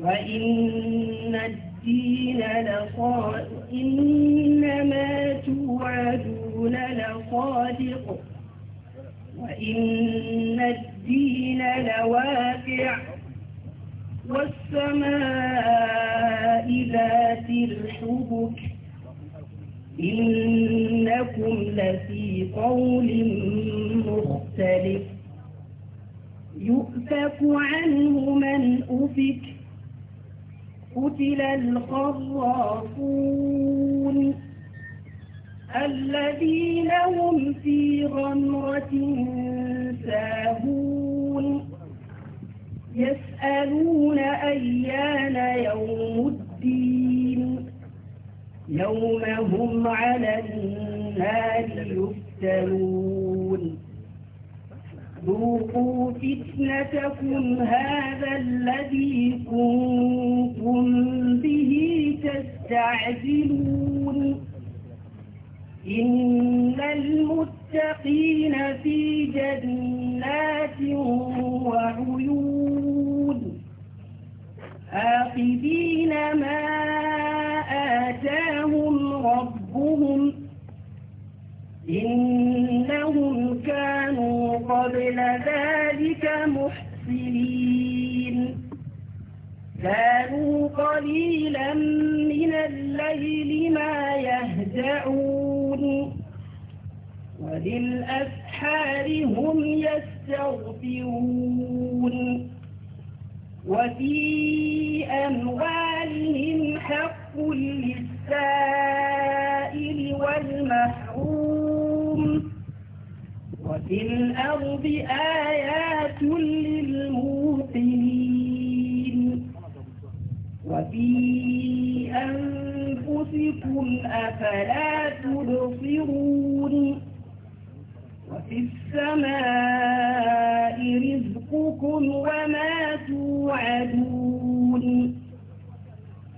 وإن الدين لصادق إنما توعدون لصادق وإن الدين لواقع والسماء ذات الحبك إنكم لفي قول مختلف يؤفك عنه من أفك قتل الخرافون الذين هم في غمرة ساهون يسألون أيان يوم الدين يوم هم على النار يفتنون ذوقوا فتنتكم هذا الذي كنتم به تستعجلون إن المتقين في جنات وعيون آخذين ما آتاهم ربهم إنهم كانوا قبل ذلك محسنين كانوا قليلا من الليل ما يهجعون وللأسحار هم يستغفرون وفي أموالهم حق للسائل والمحروم في الأرض آيات للموقنين وفي أنفسكم أفلا تبصرون وفي السماء رزقكم وما توعدون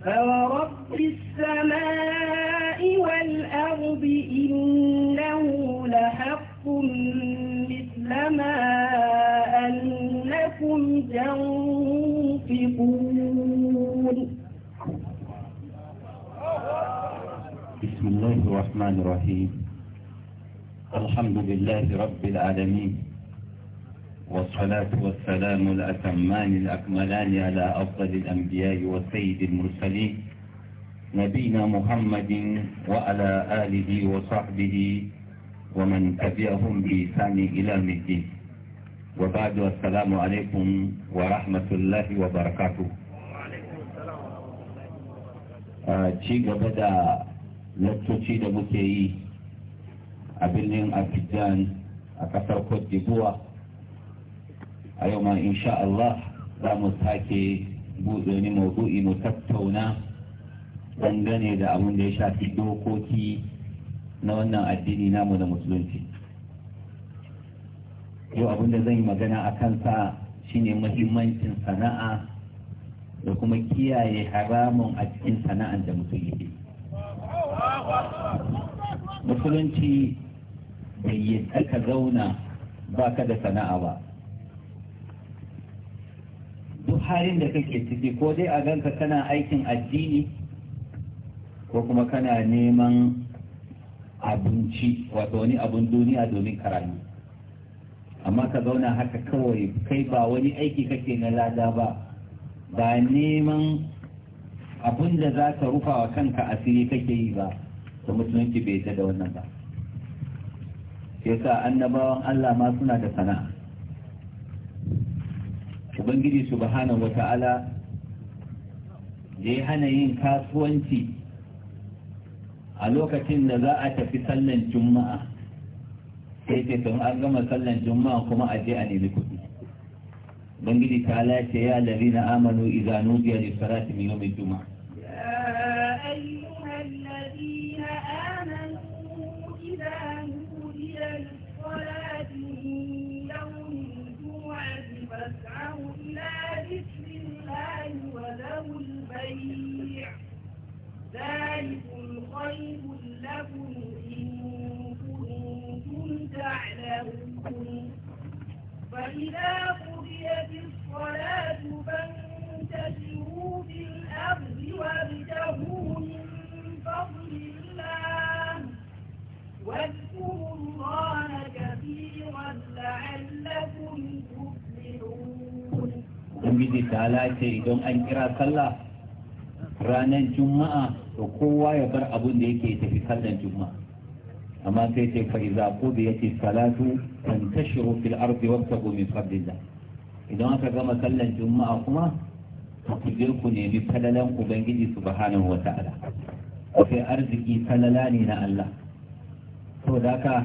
فورب السماء والأرض إنه لحق لما أنكم تنفقون بسم الله الرحمن الرحيم الحمد لله رب العالمين والصلاة والسلام الأتمان الأكملان على أفضل الأنبياء والسيد المرسلين نبينا محمد وعلى آله وصحبه ومن تبعهم بإحسان إلى الدين وبعد السلام عليكم ورحمة الله وبركاته ci gaba da lantoci da muke yi a birnin Afijan a ƙasar cote a yau ma insha Allah za mu sake buɗe wani maudu'i mu tattauna dangane da abin da ya shafi dokoki na wannan addini namu na musulunci yau abinda zan yi magana a kansa shine muhimmancin sana'a da kuma kiyaye haramun a cikin sana'an da mutum musulunci bai yi ka zauna ba ka da sana'a ba duk halin da kake ciki ko dai a ganka kana aikin addini ko kuma kana neman abinci wato wani abin duniya domin karami amma ka zauna haka kawai kai ba wani aiki kake na lada ba ba neman abin da za ka rufa wa kanka asiri kake yi ba da musulunci bai ta da wannan ba yasa annabawan Allah ma suna da sana'a ubangiji subhanahu wata'ala da ya hana yin kasuwanci a lokacin da za a tafi sallan juma'a sai ce tun an gama sallan juma'a kuma a je a nemi kuɗi bangiji ta lace ya lari na amanu izanu biya da sarati mai yomin juma'a Thank you. خير لكم إن كنتم تعلمون فإذا قضيت الصلاة فانتشروا في الأرض وابتغوا من فضل الله واذكروا الله كثيرا لعلكم تفلحون. تعالى ce idan an kira ranar juma'a da kowa ya bar abun da yake tafi kallon juma'a amma sai ce fa iza qudiyati salatu tantashiru fil ardi wabtagu min fadlillah idan aka gama kallon juma'a kuma ku je ku nemi falalan ubangiji subhanahu wata'ala sai arziki falala ne na Allah saboda haka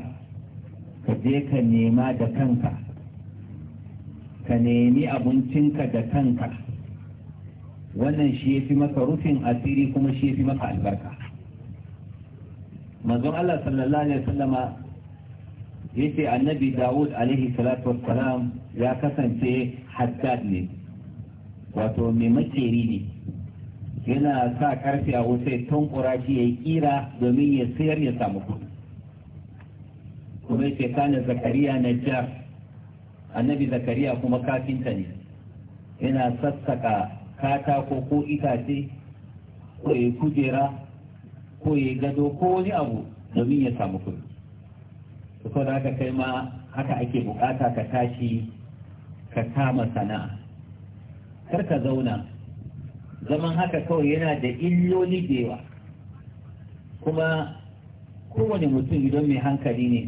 ka je ka nema da kanka ka nemi abincinka da kanka wannan shi ya fi maka rufin asiri kuma shi ya fi maka albarka manzon Allah sallallahu alaihi wasallama ce annabi Dawud alaihi salatu wassalam ya kasance haddad ne wato mai makeri ne yana sa karfe a wuce tunkura shi ya yi kira domin ya sayar ya samu kuɗi kuma ya kana zakariya na jar annabi zakariya kuma kafinta ne yana sassaka katako ko itace ko ya kujera ko ya gado ko wani abu domin ya samu kuɗi to da haka kai ma haka ake bukata ka tashi ka kama sana'a kar ka zauna zaman haka kawai yana da illoli da yawa kuma kowane mutum idan mai hankali ne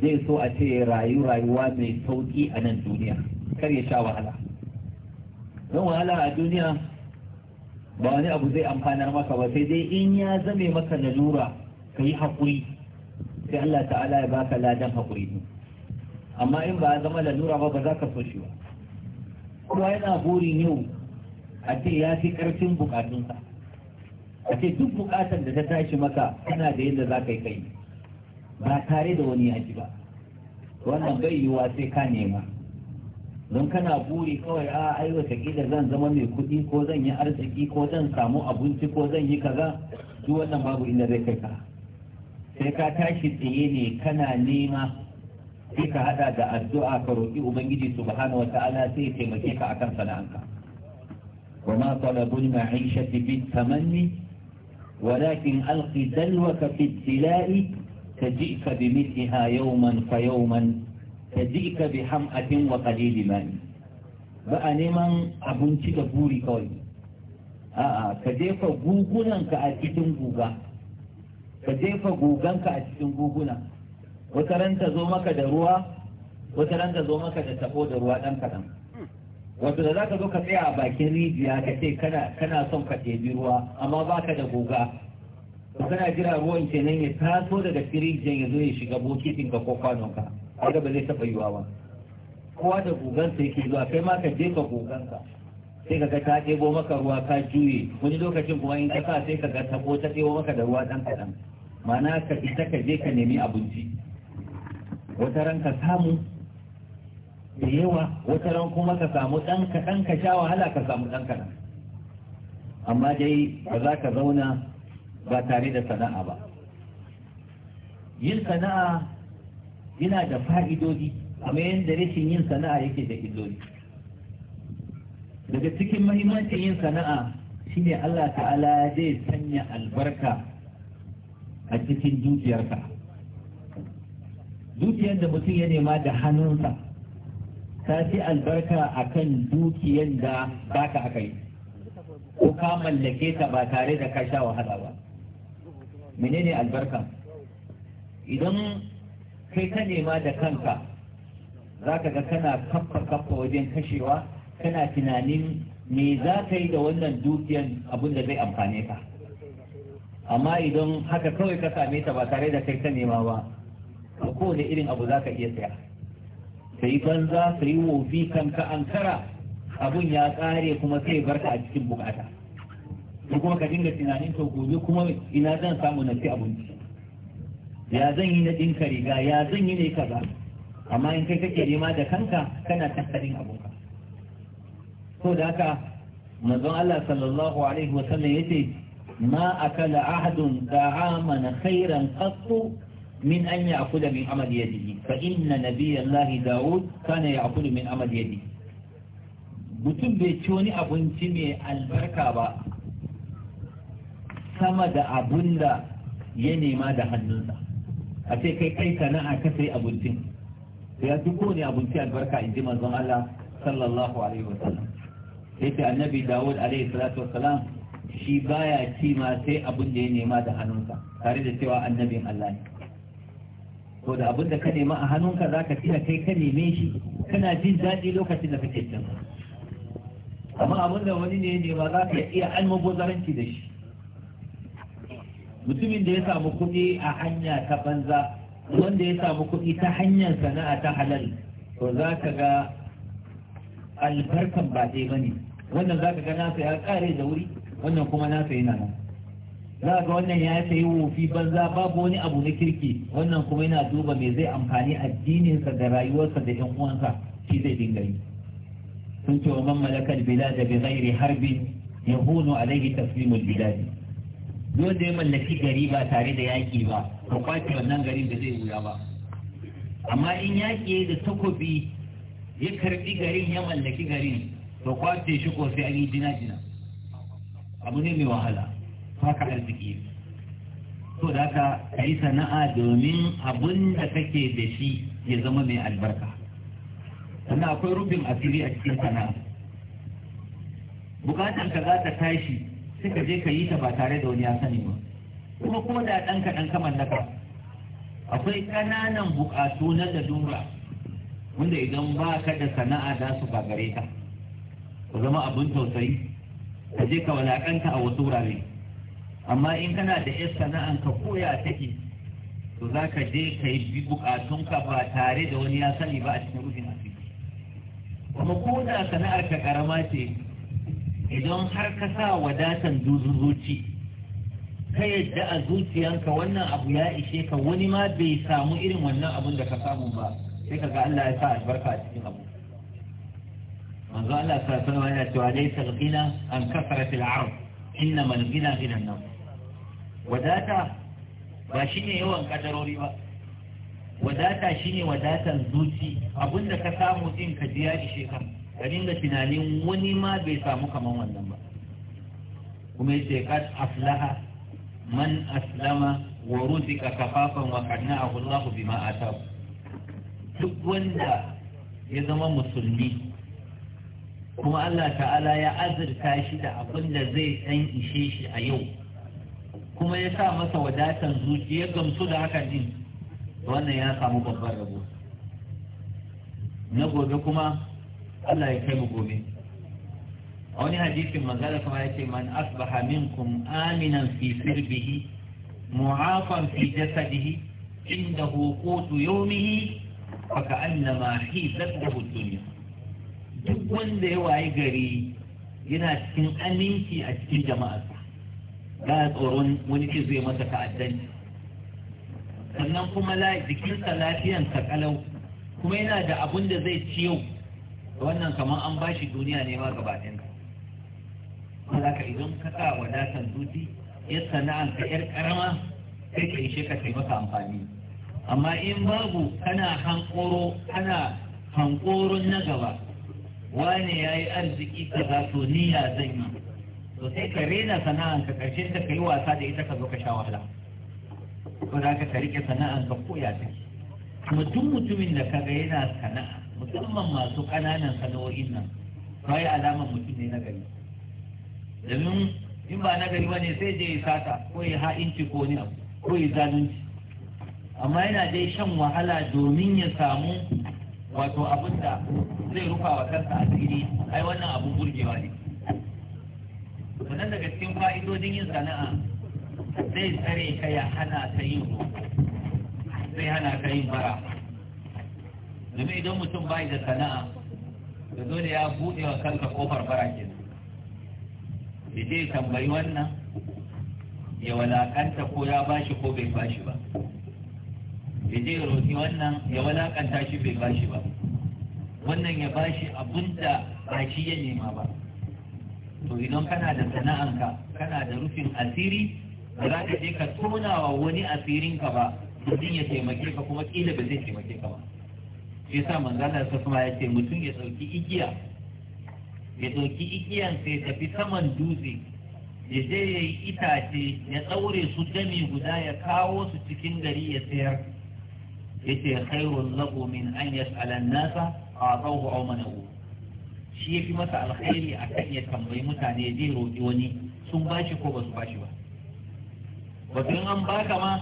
zai so a ce rayu rayuwa mai sauƙi a nan duniya kar ya sha wahala don wahala a duniya ba wani abu zai amfanar maka ba sai dai in ya zame maka lalura ka yi haƙuri sai Allah ta'ala ya baka ladan haƙuri amma in ba zama lalura ba ba za ka so shi ba kowa yana burin yau a ce ya fi ƙarfin buƙatunsa a ce duk buƙatar da ta tashi maka tana da yadda za ka yi kai ba tare da wani yaji ba wannan bai sai ka nema don kana buri kawai a aiwata watakila zan zama mai kudi ko zan yi arziki ko zan samu abinci ko zan yi kaza duk wannan babu inda zai kai ka sai ka tashi tsaye ne kana nema sai ka hada da addu'a ka roƙi ubangiji subhanahu ta'ala sai ya taimake ka akan sana'anka wa ma talabul ma'ishati bi tamanni ولكن ألق دلوك في الدلاء تجئك بمثلها يوما فيوما ka bi ham'atin wa qalili mali ba a neman abinci da buri kawai a'a ka jefa gugunanka a cikin guga ka jefa guganka a cikin guguna wata ran ta zo maka da ruwa wata ran ta zo maka da tabo da ruwa dan kadan wato da zaka zo ka tsaya a bakin rijiya ka ce kana kana son ka tebi ruwa amma baka da guga kana jira ruwan kenan ya taso daga firijin ya zo ya shiga bokitin ka ko kwanonka kaga ba zai taɓa yiwa ba kowa da gugansa yake zuwa kai ma ka je ka guganka sai ka ga ta ɗebo maka ruwa ka juye wani lokacin kuma in ka sa sai ka ga tabo ta ɗebo maka da ruwa ɗan kaɗan ma'ana ka fita ka je ka nemi abinci wata ran ka samu da yawa wata ran kuma ka samu ɗan kaɗan ka sha wahala ka samu ɗan kaɗan amma dai ba za ka zauna ba tare da sana'a ba yin sana'a yana da fa'idodi amma yadda rashin yin sana'a yake da illoli daga cikin mahimmancin yin sana'a shine Allah ta'ala zai sanya albarka a cikin dukiyarka dukiyar da mutum ya nema da hannunsa ta fi albarka a kan dukiyar da baka aka yi ko ka mallake ta ba tare da ka sha wahala ba menene albarka idan kai ka nema da kanka za ka ga kana kaffa kaffa wajen kashewa kana tunanin me za ka yi da wannan dukiyan abin da zai amfane ka amma idan haka kawai ka same ta ba tare da kai ta nema ba a kowane irin abu za ka iya saya sai banza sai wofi kanka ankara abun ya kare kuma sai barka a cikin bukata kuma ka dinga tunanin to gobe kuma ina zan samu na fi abinci ya zan yi na ɗinka riga ya zan yi ne kaza amma in kai kake nema da kanka kana tattalin abunka ko da haka manzon Allah sallallahu alaihi wa sallam yace ma akala ahadun da'aman khairan qattu min an ya'kula min amali yadihi fa inna nabiyallahi daud kana ya'kulu min amali yadihi mutum bai ci wani abinci mai albarka ba sama da abun da ya nema da hannunsa a ce kai kai sana'a ka sai abincin ya duk kowane abinci albarka in ji manzon Allah sallallahu alaihi wa sallam yace annabi Dawud alaihi salatu wassalam shi baya ci ma sai abin da ya nema da hannunsa tare da cewa annabin Allah ne to da abin da ka nema a hannunka zaka tira kai ka neme shi kana jin daɗi lokacin da kake cin amma abin da wani ne nema za ka iya almubazaranci da shi mutumin da ya samu kuɗi a hanya ta banza wanda ya samu kuɗi ta hanyar sana'a ta halal to za ka ga albarkan ba dai ba ne wannan za ka ga nasa ya ƙare da wuri wannan kuma nasa yana nan za ga wannan ya sayi wofi banza babu wani abu na kirki wannan kuma yana duba me zai amfani addininsa da rayuwarsa da yan uwansa shi zai dinga yi sun ce wa man malakal bilad bi ghairi harbin yahunu alaihi taslimul bilad wanda ya mallaki gari ba tare da yaƙi ba ba kwace wannan garin da zai wuya ba amma in yaƙi da takobi ya karbi garin ya mallaki garin ba kwace shi ko sai an yi jina-jina abu ne mai wahala haka arziki to da haka ka yi sana'a domin abun da kake da shi ya zama mai albarka sannan akwai rubin asiri a cikin sana'a bukatar ka za ta tashi sai ka je ka yi ta ba tare da wani ya sani ba kuma kuma da ɗan kaɗan ka naka akwai ƙananan buƙatu na dura wanda idan ba ka da sana'a za su gagare ka ku zama abin tausayi ka je ka walaƙanta a wasu wurare amma in kana da yar sana'an ka koya take to za ka je ka yi bi buƙatunka ba tare da wani ya sani ba a cikin rufin asibiti kuma ko da sana'ar ka ƙarama ce idan har ka sa wadatan zuzuzuci ka yadda a zuciyanka wannan abu ya ishe ka wani ma bai samu irin wannan abun da ka samu ba sai ka ga Allah ya sa albarka a cikin abu manzo Allah sa sallama yana cewa dai sarqina an kasara fil arab innama al gina gina nan wadata ba shine yawan kadarori ba wadata shine wadatan zuci abinda ka samu din ka ji ya ishe ka ka dinga tunanin wani ma bai samu kamar wannan ba kuma yace kad aflaha man aslama wa ruzika kafafan wa qadna'ahu Allah bima atahu duk wanda ya zama musulmi kuma Allah ta'ala ya azurta shi da abin da zai dan ishe shi a yau kuma ya sa masa wadatan zuci ya gamsu da haka din wannan ya samu babban rabo na gobe kuma Allah ya kai mu gobe a wani hadisin manzala kuma ya ce man asbaha minkum aminan fi sirbihi mu'afan fi jasadihi hukutu qutu yawmihi fa ka'annama hisat lahu dunya duk wanda ya wayi gari yana cikin aminci a cikin jama'arsa ga tsoron wani ke zai masa ta'addanci sannan kuma jikinsa lafiyansa kalau kuma yana da abun da zai ci yau wannan kamar an ba shi duniya ne ma gabatin ka ka idan ka sa wadatan dutse ya sana'an ka yar karama kai ka ishe ka taimaka maka amfani amma in babu kana hankoro kana hankorin na gaba wane ya yi arziki ka za to niyya zan yi to sai ka rena sana'an ka karshen ta ka yi wasa da ita ka zo ka sha wahala ko za ka rike sana'an ka koya ta kuma duk mutumin da ka ga yana sana'a musamman masu ƙananan sana'o'in nan ba ya alamar mutum ne na domin in ba nagari gari ba ne sai je ya sata ko ya ha'inci ko ne ko ya zalunci amma yana dai shan wahala domin ya samu wato abin da zai rufa wa kansa tsiri ai wannan abun burgewa ne wannan daga cikin fa'idodin yin sana'a zai tsare ka ya hana ta yin yin bara domin idan mutum bai da sana'a da dole ya buɗe wa kanka kofar barakin da zai tambayi wannan ya walakanta ko ya bashi ko bai bashi ba ya je roƙi wannan ya walakanta shi bai bashi ba wannan ya bashi abun da ba shi ya nema ba to idan kana da sana'anka kana da rufin asiri ba za ka je ka tona wa wani asirinka ba domin ya taimake ka kuma kila ba zai taimake ka ba shi yasa manzala sa kuma ya ce mutum ya ɗauki igiya ya ɗauki igiyan sai tafi saman dutse ya je ya yi itace ya ɗaure su dami guda ya kawo su cikin gari ya sayar ya ce khairun lagu min an yas'ala nasa a a'tahu aw manahu shi yafi masa alkhairi akan ya tambayi mutane zai roƙi wani sun bashi ko ba su bashi ba wato in an baka ma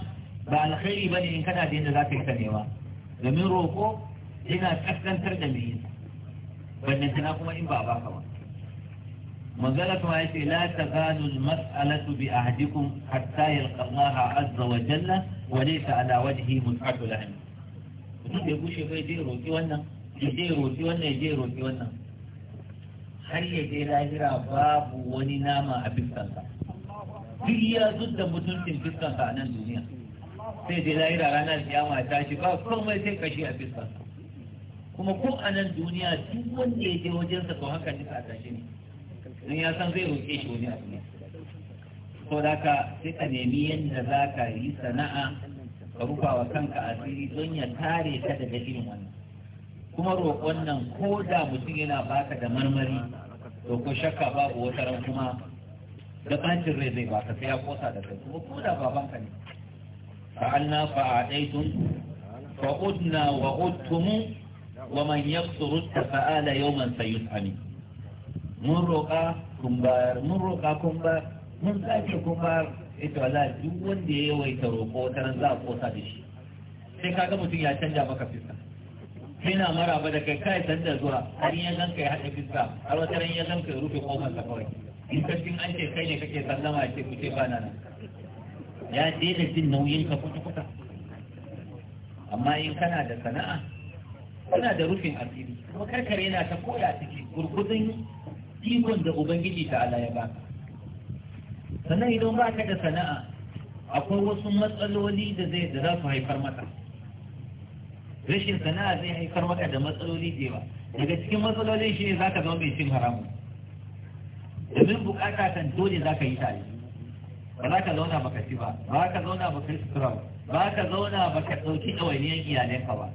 ba alkhairi bane in kana da yadda za ka yi ta nema domin roƙo yana kaskantar da mai yinsa wannan tana kuma in ba a baka ba manzala kuma ya ce la tazalu almas'alatu bi ahadikum hatta yalqa Allah azza wa jalla wa laysa ala wajhi mus'atu lahm mutum bai bushe bai je roki wannan ya je roki wannan ya je roki wannan har ya je lahira babu wani nama a fiskansa duk ya zudda mutuncin fiskansa a nan duniya sai je lahira ranar kiyama ta shi ba komai sai kashi a fiskansa kuma ko a nan duniya duk wanda ya je wajensa to haka ne a tashi ne don ya san zai roƙe shi wani abu ne ko da ka sai ka nemi yadda za ka yi sana'a ka rufa wa kanka asiri don ya tare ka daga irin wannan kuma roƙon nan ko da mutum yana baka da marmari to ko shakka babu wata ran kuma da bancin rai zai baka sai ya kosa da kai kuma ko da ka ne fa'alna fa'adaitun fa'udna wa'udtumu wa man yaqsuru fa'ala yawman sayus'ami mun roƙa kun bayar mun roƙa kun bayar mun sake kun bayar ita duk wanda ya ta roƙo ta nan za a ƙosa da shi sai kaga mutum ya canja maka fiska mara maraba da kai kai sanda zuwa har ya gan kai haɗa fiska har wata ran ya gan kai rufe kofar sa kawai in ka cin an ce kai ne kake sallama ce kuke ba nan ya daina jin nauyin ka kuta kuta amma in kana da sana'a suna da rufin asiri kuma karkare yana ta koya ciki gurgudun ikon da ubangiji ta Allah ya baka sannan idan ka da sana'a akwai wasu matsaloli da zai da za su haifar maka rashin sana'a zai haifar maka da matsaloli da yawa daga cikin matsalolin shi ne za ka zama mai cin haramu domin bukata kan dole za ka yi tare ba za ka zauna baka ci ba ba ka zauna baka yi sutura ba ba ka zauna baka ɗauki ɗawainiyar iyalanka ba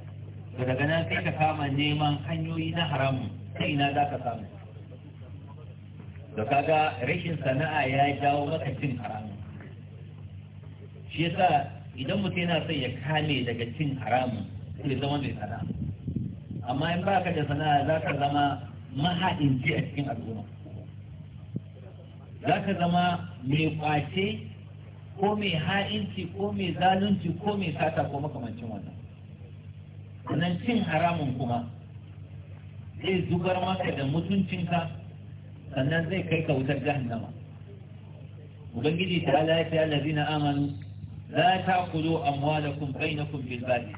daga nan sai ka kama neman hanyoyi na haramun sai ina za ka samu da kaga rashin sana'a ya jawo maka cin haramun shi yasa idan mutum yana son ya kame daga cin haramun sai zama mai sana'a amma in baka da sana'a za ka zama maha'inci a cikin al'umma za ka zama mai kwace ko mai ha'inci ko mai zalunci ko mai sata ko makamancin wannan sannan cin haramun kuma zai zubar maka da mutuncinka sannan zai kai ka wutar jahannama ubangiji ta ala ya ce allazina amanu amma da kumfai na kumfin batil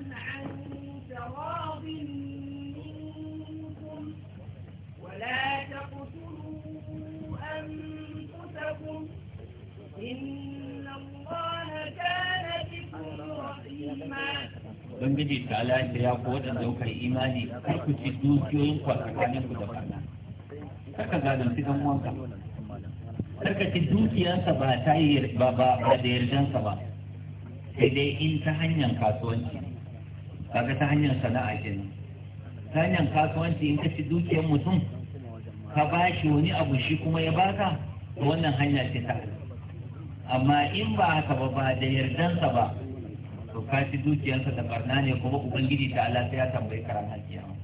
عفوا عن تراض منكم ولا تقتلوا أنفسكم إن الله كان بكم رحيما Ubangiji ta lafiya ya ko waɗanda kuka yi imani kar ku ci dukiyoyin ku a tsakanin ku da kana. Kar ka zalunci dan uwanka. Kar ka ci dukiyarsa ba ta yi ba da yardansa ba. Sai dai in ta hanyar kasuwanci. kaga ta hanyar sana'a kenan ta hanyar kasuwanci in ka ci dukiyar mutum ka ba shi wani abu shi kuma ya baka to wannan hanya ce ta amma in ba haka ba ba da yardansa ba to ka ci dukiyarsa da barna ne kuma ubangiji ta Allah sai ya tambayi karan hakiyama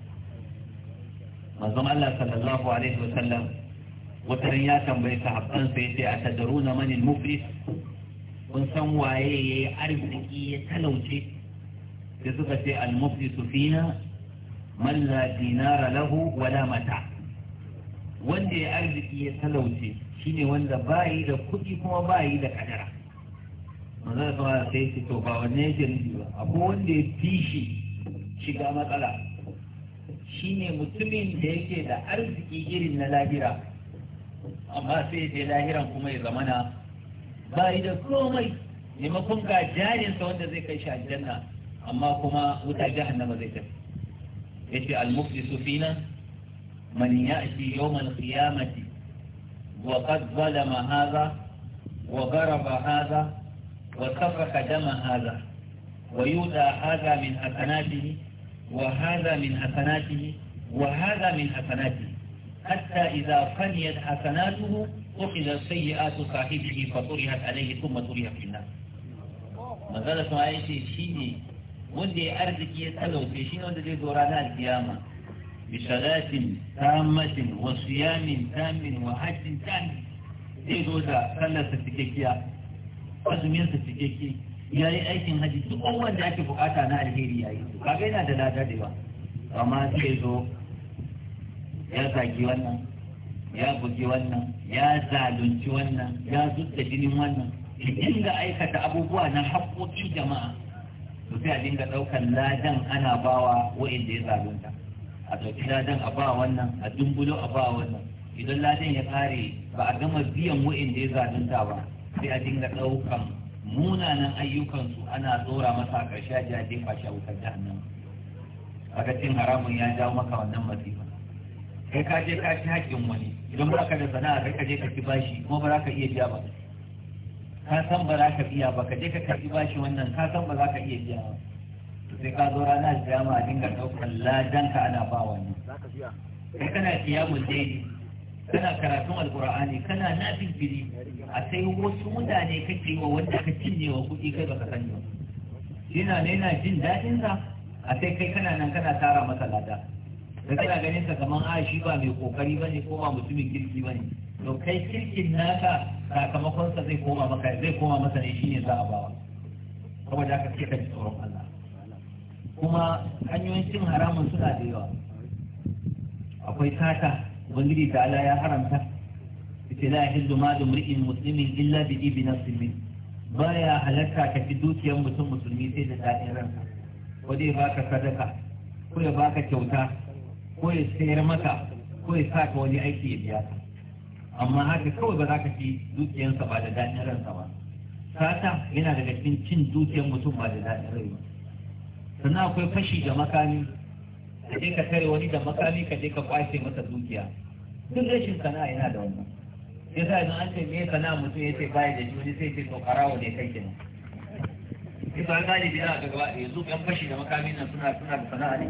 manzon Allah sallallahu alaihi wa sallam wataran ya tambayi sahabban ya ce a na manil muflis kun san waye yayi arziki ya talauce sai suka ce almufi muflisu fina man dinara lahu wala mata wanda ya arziki ya talauce shine wanda bayi da kuɗi kuma bayi da kadara manzo kuma sai ce to ba wanne yake nufi ba akwai wanda ya fishi shiga matsala shine mutumin da yake da arziki irin na lahira amma sai ya lahiran kuma ya zamana bayi da komai maimakon ga jarinsa wanda zai kai shi aljanna amma kuma wuta jahannama zai tafi yace al-muflisu fina man ya'ti yawm al-qiyamati wa qad zalama hadha wa daraba hadha wa safaka dama hadha wa yuda hadha min hasanatihi wa hadha min hasanatihi wa hadha min hasanatihi حتى إذا فنيت حسناته أخذ سيئات صاحبه فطرحت عليه ثم طرح في النار ما زال ما يشي شيء wanda ya arziki ya talauce shi wanda zai zo ranar alkiyama. bi bisalatin tamatin wa siyamin tamin wa hajjin tamin zai zo da sallar sa cikakkiya azumin sa cikakke ya yi aikin haji duk wanda ake bukata na alheri yayi ga yana da lada da yawa. amma zai zo ya zagi wannan ya bugi wannan ya zalunci wannan ya zuta jinin wannan ya dinga aikata abubuwa na haƙoƙin jama'a to sai a dinga ɗaukan ladan ana bawa wa'inda ya ta a ɗauki ladan a ba wannan a dumbulo a ba wannan idan ladan ya kare ba a gama biyan wa'inda ya ta ba sai a dinga ɗaukan munanan ayyukansu ana tsora masa a ƙarshe ja jefa shi a wutar jahannan kaga cin haramun ya jawo maka wannan masifa kai ka je ka ci haƙƙin wani idan ba ka da sana'a kai ka je ka ci bashi kuma ba za ka iya biya ba ka san ba za ka biya ba ka je ka karbi bashi wannan ka san ba za ka iya biya ba sai ka zo rana kiyama a dinga ɗaukar ladan ka ana ba wani kai kana mun daidai kana karatun alkur'ani kana nafin fili a sai wasu mutane kake wa wanda ka cinye wa kuɗi kai ka sani ba Ina ne ina jin daɗin sa a sai kai kana nan kana tara masa lada da kana ganin sa kamar a shi ba mai kokari bane ko ba mutumin kirki bane to kai kirkin naka sakamakonsa zai koma maka zai koma masa ne shine za a bawa saboda haka sai ka ji tsoron Allah kuma hanyoyin cin haramun suna da yawa akwai sata ubangiji da Allah ya haramta yace la yahillu malu mri'in muslimin illa bi ibi nafsin baya halatta ka fi dukiyar mutum musulmi sai da daɗin ranka ko dai baka sadaka ko ya baka kyauta ko ya sayar maka ko ya sa ka wani aiki ya biya ka amma haka kawai ba za ka ci dukiyarsa ba da daɗin ransa ba sata yana daga cikin cin dukiyar mutum ba da daɗin rai ba sannan akwai fashi da makami ka je ka tare wani da makami ka je ka kwashe masa dukiya duk rashin sana'a yana da wannan ya sa idan an ce me sana'a mutum ya ce baya da shi wani sai ce to karawa ne kai kenan isa bi na gaba yanzu yan fashi da makami nan suna suna da sana'a ne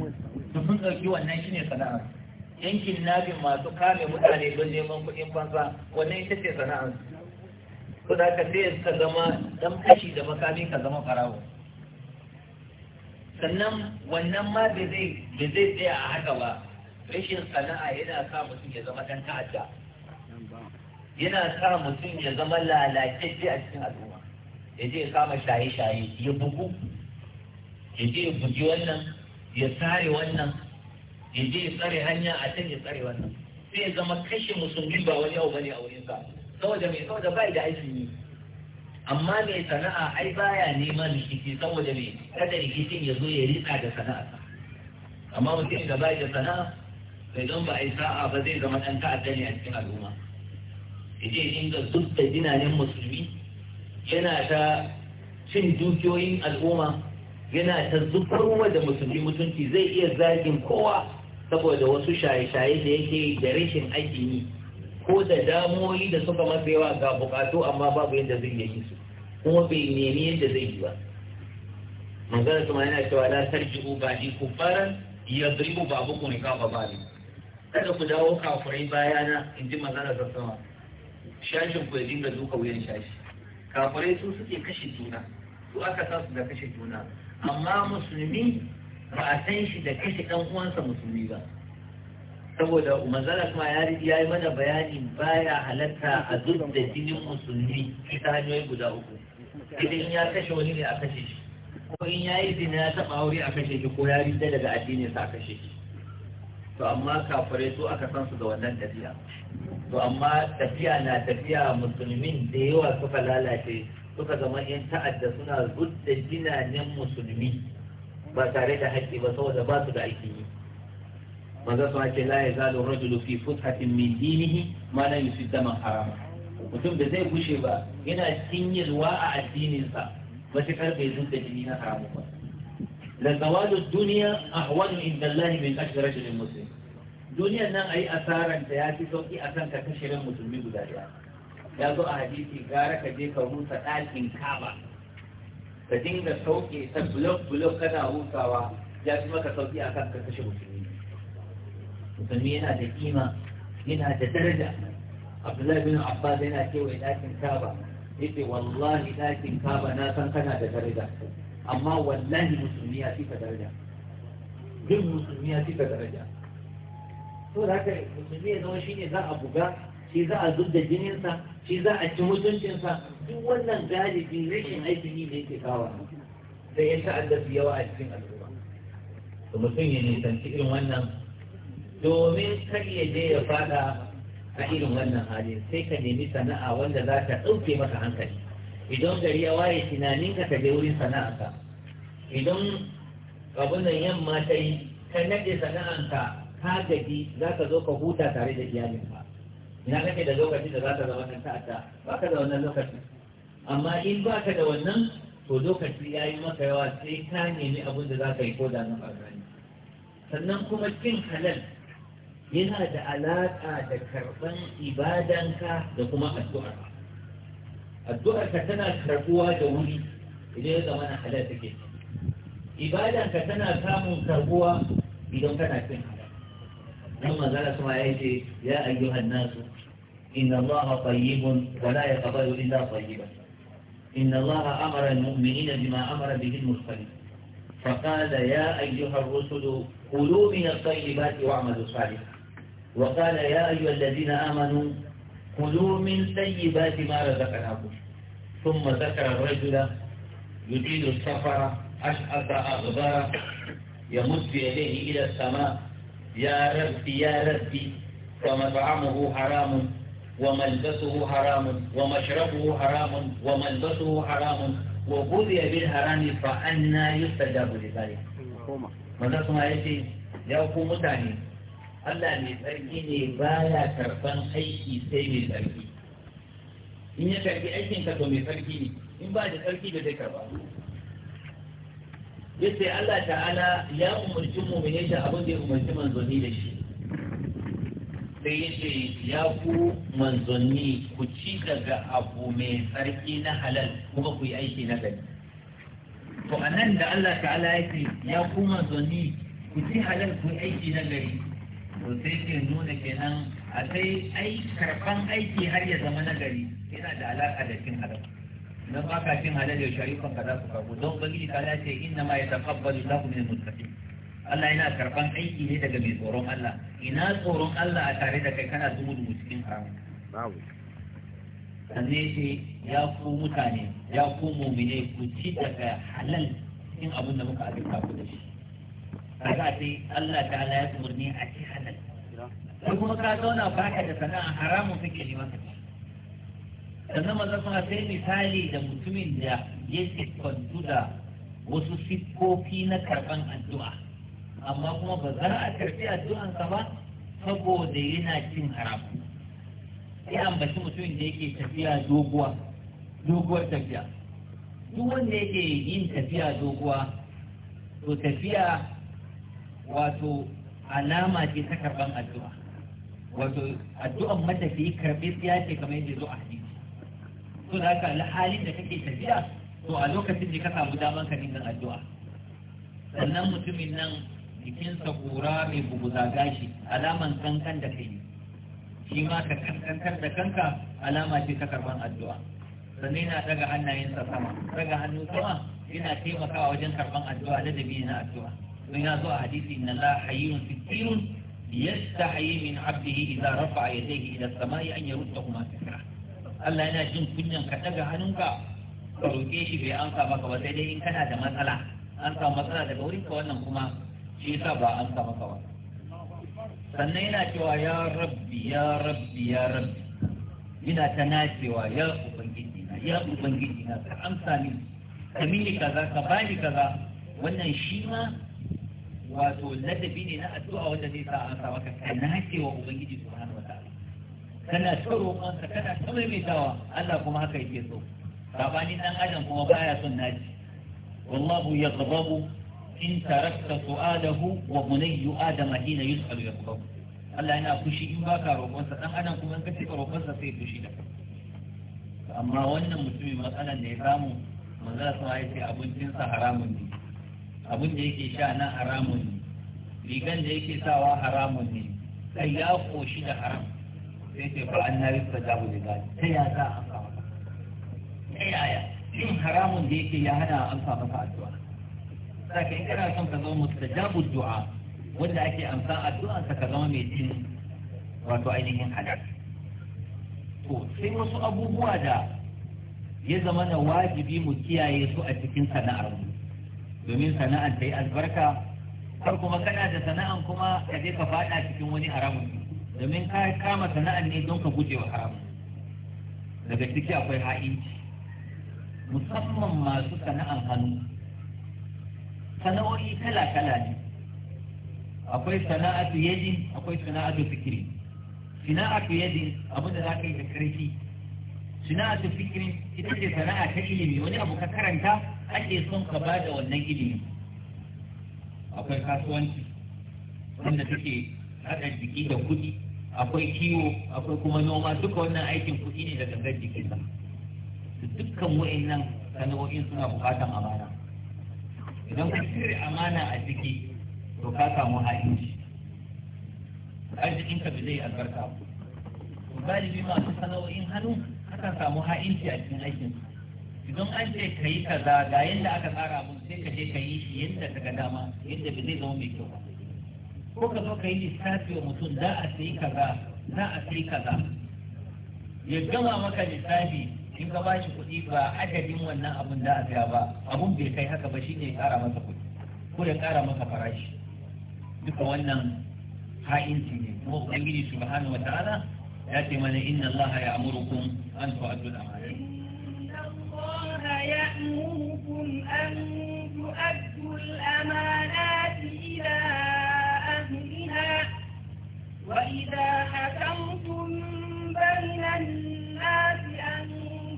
to sun ɗauki wannan shine sana'a yankin nabin masu kame mutane don neman kuɗin fansa wannan ita ce sana'a ko da ka sai ka zama dan kashi da makami ka zama farawo sannan wannan ma da zai zai tsaya a haka ba rashin sana'a yana sa mutum ya zama dan ta'adda yana sa mutum ya zama lalacecce a cikin al'umma ya je ya kama shaye-shaye ya bugu ya je ya bugi wannan ya sare wannan ya ya tsare hanya a can ya tsare wannan sai ya zama kashe musulmi ba wani abu bane a wurin sa saboda mai saboda bai da aikin yi amma mai sana'a ai baya neman rikici saboda mai kada rikicin ya zo ya rika da sana'a amma mutum da bai da sana'a sai don ba a yi sa'a ba zai zama ɗan ta'adda ne a cikin al'umma ya je inda duk da dinanen musulmi yana ta cin dukiyoyin al'umma yana ta zubarwa da musulmi mutunci zai iya zagin kowa saboda wasu shaye-shaye da yake da rashin aikin yi ko da damoyi da suka masa yawa ga bukatu amma babu yadda zai yake su kuma bai nemi yadda zai yi ba manzara kuma yana cewa la tarji'u ba ni ku ne babukum ba bali kada ku dawo kafurai bayana in ji manzara ta sama shashin ku ya dinga duka wuyan shashi kafurai su suke kashe juna su aka sa su da kashe juna amma musulmi ba a san shi da kashe ɗan uwansa musulmi ba saboda manzala kuma ya ya yi mana bayani baya halatta a duk da jinin musulmi ita hanyoyi guda uku idan ya kashe wani ne a kashe shi ko in ya yi zina ya taɓa aure a kashe shi ko ya rida daga addinin sa a kashe shi to amma kafare su aka san su da wannan tafiya to amma tafiya na tafiya musulmin da yawa suka lalace suka zama yan ta'adda suna zudda jinanen musulmi ba tare da haƙƙi ba saboda ba su da aikin yi manzo sun ce la yazalu rajulu fi futhatin min dinihi ma la yusidda man harama mutum da zai gushe ba yana cikin yalwa a addininsa matuƙar bai zub da jini na haramu ba la zawalu duniya ahwanu inda Allah min kashi rajulin muslim duniyar nan ayi asaran ta ya fi sauki akan ka kashe ran musulmi guda ɗaya ya zo a hadisi gara ka je ka rusa ɗakin kaba ka dinga sauke ta blok blok kana hutawa ya fi maka sauki a kan kashe musulmi musulmi yana da kima yana da daraja abdullahi bin abbas yana kewaye dakin kaba yace wallahi dakin kaba na san kana da daraja amma wallahi musulmi ya fi ka daraja duk musulmi ya fi ka daraja to da haka musulmi ya zama shine za a buga shi za a zub da jininsa shi za a ci mutuncinsa duk wannan galibi rashin aikin yi da yake kawo Sai ya ta'addafi yawa a cikin al'umma to mutum ya nisanci irin wannan domin kar ya je ya fada a irin wannan hali sai ka nemi sana'a wanda za ta ɗauke maka hankali idan gari ya waye tunanin ka je wurin sana'a ka, idan abin yamma ta yi ka naɗe sana'anka ka gaji za ka zo ka huta tare da iyalinka ina kake da lokaci da za ka zama ɗan ta'adda ba ka da wannan lokaci? amma in ba ka da wannan to lokaci ya yi maka yawa sai ka nemi abin da za ka yi ko da na ɓargani sannan kuma cin halal yana da alaƙa da karɓan ibadanka da kuma addu'ar addu'arka tana karɓuwa da wuri idan ya zama na halal take ibadanka tana samun karɓuwa idan kana cin halal ثم زال ثم يا أيها الناس إن الله طيب ولا يقبل إلا طيبا إن الله أمر المؤمنين بما أمر به المرسلين فقال يا أيها الرسل كلوا من الطيبات واعملوا صالحا وقال يا أيها الذين آمنوا كلوا من طيبات ما رزقناكم ثم ذكر الرجل يريد السفر أشعث أغبار يمد يديه إلى السماء ya rabbi ya rabbi wa mat'amuhu haramun wa malbasuhu haramun wa mashrabuhu haramun wa malbasuhu haramun wa budiya bil harami fa anna yustajabu li dhalik wannan kuma yace ya ku mutane Allah ne tsarki ne baya karban aiki sai mai tsarki in ya karbi aikin ka to mai tsarki ne in ba da tsarki da zai karba yace Allah ta'ala ya umarci mu'mine da abin da ya umarci manzanni da shi sai yace ya ku manzanni ku ci daga abu mai tsarki na halal kuma ku yi aiki na gari to anan da Allah ta'ala yake ya ku manzanni ku ci halal ku yi aiki na gari to sai ke nuna kenan a sai ai karban aiki har ya zama na gari yana da alaka da cin halal dan ba ka cin halal da sharifan ka za su karbu don ubangiji ta ce inna ma ya taqabbalu lahu min al-muttaqin Allah yana karban aiki ne daga mai tsoron Allah ina tsoron Allah a tare da kai kana dumu dumu cikin haramun babu sannan ce ya ku mutane ya ku mumine ku ci daga halal cikin abin da muka azurta ku da shi kaga sai Allah ta'ala ya umarni a ci halal sai kuma ka zauna baka da sana'a haramun kake ne maka ci sannan maza kuma sai misali da mutumin da ya siffantu da wasu siffofi na karɓan addu'a amma kuma ba za a karɓi addu'ansa ba saboda yana cin haram sai ambaci mutumin da yake tafiya doguwa doguwar tafiya duk wanda yake yin tafiya doguwa to tafiya wato alama ce ta karɓan addu'a wato addu'an matafiya karɓe ya ce kamar yadda zo a hadisi so da haka halin da kake tafiya to a lokacin da ka samu daman ka dinga addu'a sannan mutumin nan jikinsa kura mai buguza gashi alaman kankan da kai shi ma ka kankan da kanka alama ce ta karban addu'a sannan yana daga hannayensa sama daga hannu sama yana taimakawa wajen karban addu'a da dabi na addu'a don ya zo a hadisi na la hayyun fitirun yastahi min abdihi idza rafa'a yadayhi ila samai an yaruddahuma fi Allah yana jin kunyan ka daga hannunka ka roƙe shi bai amsa maka ba sai dai in kana da matsala an samu matsala daga wurin ka wannan kuma shi yasa ba an samu maka ba sannan yana cewa ya rabbi ya rabbi ya rabbi yana ta nacewa ya ubangiji na ya ubangiji na ka amsa min ka mini kaza ka bani kaza wannan shi ma wato ladabi ne na addu'a wanda zai sa an sa maka ka nacewa ubangiji su kana ta roƙonsa kana ta maimaitawa Allah kuma haka yake so sabanin dan adam kuma baya son naji wallahu yaghdabu in tarakta su'alahu wa bunayyu adama hina ya yaghdabu Allah yana fushi in baka roƙonsa dan adam kuma in ka ce roƙonsa sai fushi da amma wannan mutumin matsalan da ya samu manzo sa ya ce abincinsa haramun ne abin da yake sha na haramun ne rigan da yake sawa haramun ne sai ya koshi da haram sai ba an nayi ta jabu da gani ta ya za a amsa maka ta yaya yin haramun da yake ya hana amsa maka addu'a saka in kana son ka zama mustajabu du'a wanda ake amsa addu'a ka ka zama mai jin wato ainihin halal to sai wasu abubuwa da ya zama na wajibi mu kiyaye su a cikin sana'ar mu domin sana'ar ta yi albarka har kuma kana da sana'an kuma ka je ka faɗa cikin wani haramun domin ka kama sana'ar ne don ka guje wa haramu daga ciki akwai ha'inci musamman masu sana'ar hannu sana'o'i kala-kala ne akwai sana'atu yadi akwai sana'ar fikiri Sana'ar yadi abinda za ka yi da karfi Sana'ar fikiri ita ce sana'a ta ilimi wani abu ka karanta ake son ka ba da wannan ilimi akwai kasuwanci wanda take haɗa jiki da kuɗi akwai kiwo akwai kuma noma duka wannan aikin kuɗi ne da gangar jikinsa dukkan wa'annan sana'o'in suna buƙatan amana idan ka cire amana a ciki to ka samu ha'inci arzikinka ba zai albarka ku galibi masu sana'o'in hannu akan samu ha'inci a cikin aikin idan an ce ka yi kaza ga yadda aka tsara mun sai ka je ka yi shi yadda ka ga dama yadda ba zai zama mai kyau ba ko ka zo ka yi lissafi wa mutum za a sai kaza za a sai kaza ya gama maka lissafi in ka bashi kuɗi ba adadin wannan abun za a ba abun bai kai haka ba shine ya ƙara masa kuɗi ko ya ƙara masa farashi duka wannan ha'inci ne kuma ubangiji subhanahu wa ta'ala ya ce mana inna allaha ya'murukum an tu'addu al-amanat وإذا حكمتم بين الناس أن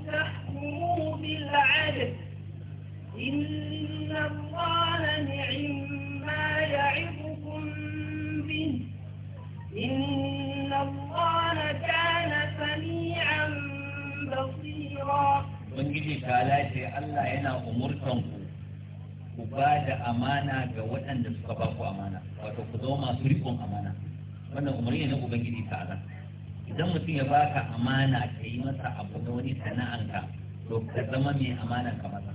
تحكموا بالعدل إن الله نعم ما يعظكم به إن الله كان سميعا بصيرا Ubangiji ta lace Allah yana umurtanku ku ba da amana ga waɗanda suka ba ku amana, wato ku zo masu riƙon amana. wannan umarni ne na ubangiji ta'ala idan mutum ya baka amana ka yi masa abu na wani sana'anka to ka zama mai amana ka masa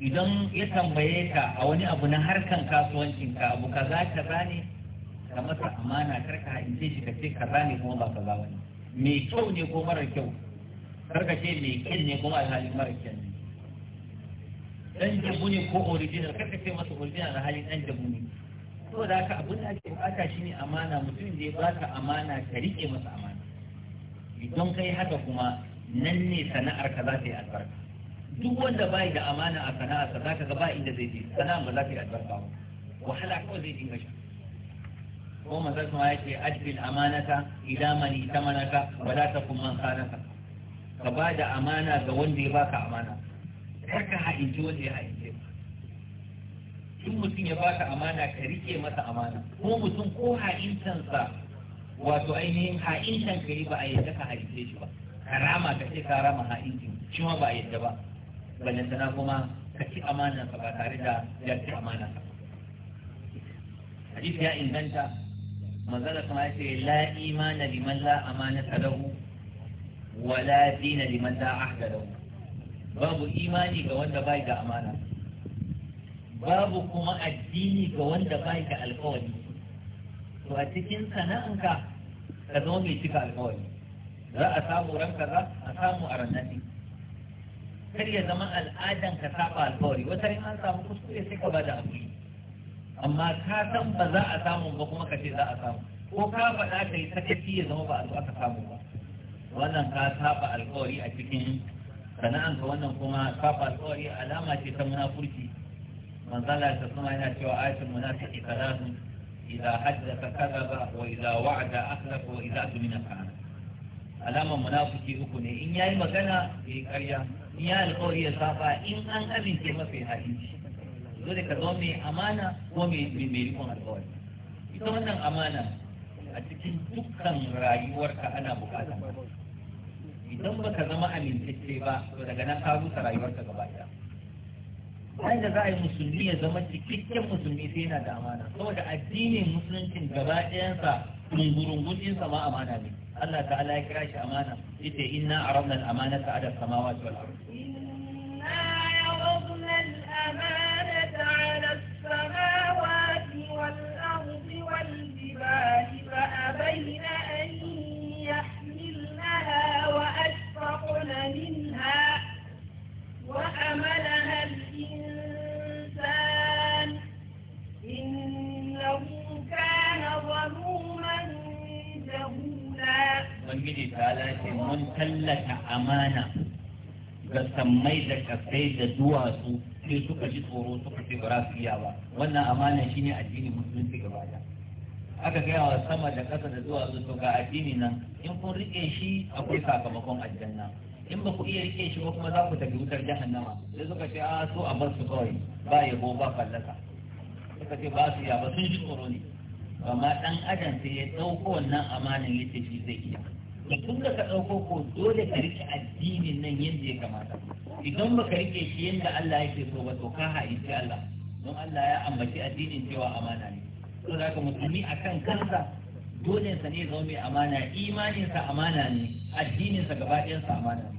idan ya tambaye ka a wani abu na harkan kasuwancinka abu kaza ka ne ka masa amana karka in ce shi ka ce ka ne kuma ba ka zawa ne mai kyau ne ko mara kyau karka ce mai kyan ne kuma alhalin mara kyan ne dan jabu ne ko original karka ce masa original alhalin dan jabu ne so da haka abin da ake bukata shine amana mutum da ya baka amana ka rike masa amana idan kai haka kuma nan ne sana'ar ka za ta yi albarka duk wanda bai da amana a sana'ar ka za ka ga ba inda zai je sana'ar ba za ta yi albarka ba wahala kawai zai dinga sha ko manzon kuma ya ce ajbil amanata ila man itamanaka ba za ta kuma khanaka ka ba da amana ga wanda ya baka amana kar ka ha'inci wanda ya ha'inci in mutum ya baka amana ka rike masa amana ko mutum ko ha'intansa wato ainihin ha'intan ka yi ba a yadda ka ha'ince shi ba karama ka ce ka rama ha'incin shi ma ba a yadda ba balantana kuma ka ci amana ka ba tare da ya ci amana ka hadisi ya inganta manzala kuma ya ce la imana liman la amana lahu wa la dina liman la ahda lahu babu imani ga wanda bai da amana babu kuma addini ga wanda ba ga alkawari to a cikin sana'anka ka zama mai cika alkawari za a samu ran kaza a samu a ranar kar ya zama al'adan ka saba alkawari wata rin an samu kuskure sai ka bada abu amma ka san ba za a samu ba kuma ka ce za a samu ko ka faɗa ka yi sakaci ya zama ba a zo aka samu ba wannan ka saba alkawari a cikin sana'anka wannan kuma saba alkawari alama ce ta munafurci manzala ta kuma yana cewa ayatul munafiqi kalamun idza haddatha kadhaba wa idza wa'ada akhlafa wa idza tumina fa'ala alaman munafiki uku ne in yayi magana yayi karya in ya alƙawari ya saba in an amince masa ya hadisi dole ka zama amana ko mai mai alƙawari ita wannan amana a cikin dukkan rayuwarka ana buƙatar idan baka zama amintacce ba to daga nan ka rayuwarka هذا رأي مسلمية زمانك كتك مسلميتين هذا هو فهو الدين المسلم كان قبائن فمنبرنبوت إنسا ما أمانة لي الله تعالى يكراش أمانة إذا إنا عرضنا الأمانة على السماوات والأرض إنا عرضنا الأمانة على السماوات والأرض والجبال فأبين أن يحملنها وأشفقن منها وأملها ubangiji ta lace mun tallata amana ga sammai da kafai da duwatsu sai suka ji tsoro suka ce ba su iya ba wannan amana shine addini musulunci gaba da aka gaya wa sama da ƙasa da duwatsu to ga addini nan in kun rike shi akwai sakamakon aljanna in ba ku iya rike shi ba kuma za ku tafi wutar jahannama sai suka ce a ah, so a bar su kawai ba yabo ba fallaka suka ce ba su iya ba sun ji tsoro ne amma dan adam sai ya ɗauko wannan amanin ya ce shi zai iya da tun da ka ɗauko ko dole ka rike addinin nan yadda ya kamata idan ba ka rike shi yadda Allah yake so ba to ka haifi Allah don Allah ya ambaci addinin cewa amana ne to za ka musulmi akan kansa dole sa ne zama mai amana imaninsa amana ne addininsa gaba ɗayansa amana ne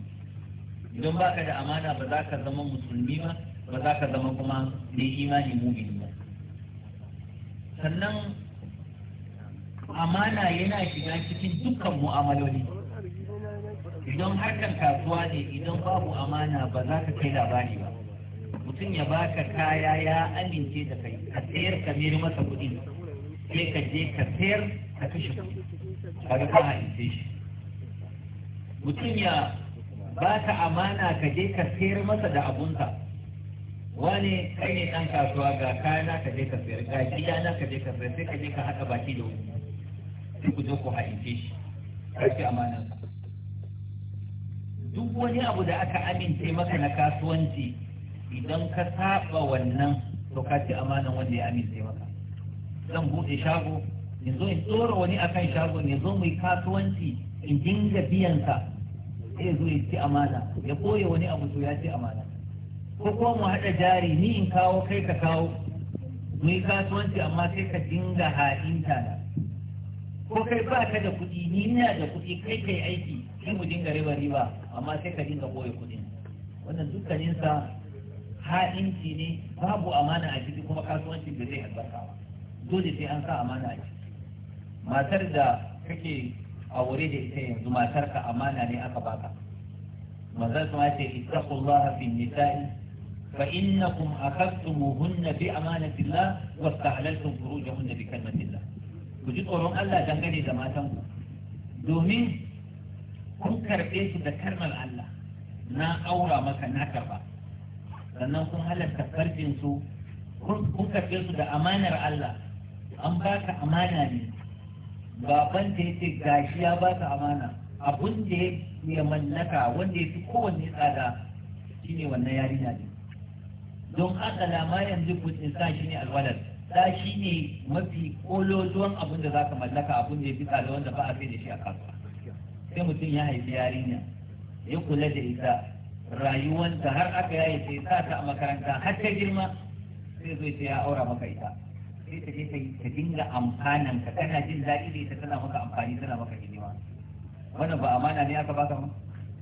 idan baka da amana ba za ka zama musulmi ba ba za ka zama kuma mai imani mumini ba sannan amana yana shiga cikin dukkan mu'amaloli idan harkar kasuwa ne idan babu amana ba za ka kai labari ba mutum ya baka kaya ya amince da kai a sayar ka miri masa kuɗi sai ka je ka sayar ka kashe kuɗi ga ka amince shi mutum ya baka amana ka je ka sayar masa da abunsa wane kai ne ɗan kasuwa ga kaya na ka je ka sayar ga gida na ka je ka sayar sai ka je ka haɗa baki da wani sai ku ku duk wani abu da aka amince maka na kasuwanci idan ka saba wannan to ka ci amana wanda ya amince maka zan buɗe shago in zo in tsora wani akan shago ne zo mai kasuwanci in dinga biyan sai zo ya ci amana ya koya wani abu to ya ci amana ko kuma mu haɗa jari ni in kawo kai ka kawo mu yi kasuwanci amma sai ka dinga ha'inta na ko kai ba ka da kuɗi ni ina da kuɗi kai kai aiki sai mu dinga riba riba amma sai ka dinga boye kuɗin wannan dukkaninsa ha'inci ne babu amana a ciki kuma kasuwancin da zai albarka ba dole sai an sa amana a ciki matar da kake aure da ita yanzu matar ka amana ne aka baka manzon kuma ce ittaqullaha fi nisa'i fa innakum akhadtumuhunna bi amanatillah wa istahlaltum furujahunna bi kalmatillah ku ji tsoron Allah dangane da matan ku domin kun karɓe su da karnar Allah na aura maka na karɓa. sannan kun halarta farjin su kun karɓe su da amanar Allah an baka amana ne baban da yake gashi ya baka amana abun da ya mallaka wanda ya fi kowanne tsada shine wannan yarinya ne don haka lama yanzu kun shi shine alwalar da shi ne mafi kololuwan abin da za ka mallaka abin da ya fi tsada wanda ba a fi da shi a kasuwa sai mutum ya haifi yarinya ya kula da ita rayuwanta har aka yaye sai sa ta a makaranta har ta girma sai zo ta ya aura maka ita sai ta je ta dinga amfanan ka kana jin daɗi da ita tana maka amfani tana maka hidima wannan ba amana ne aka baka ba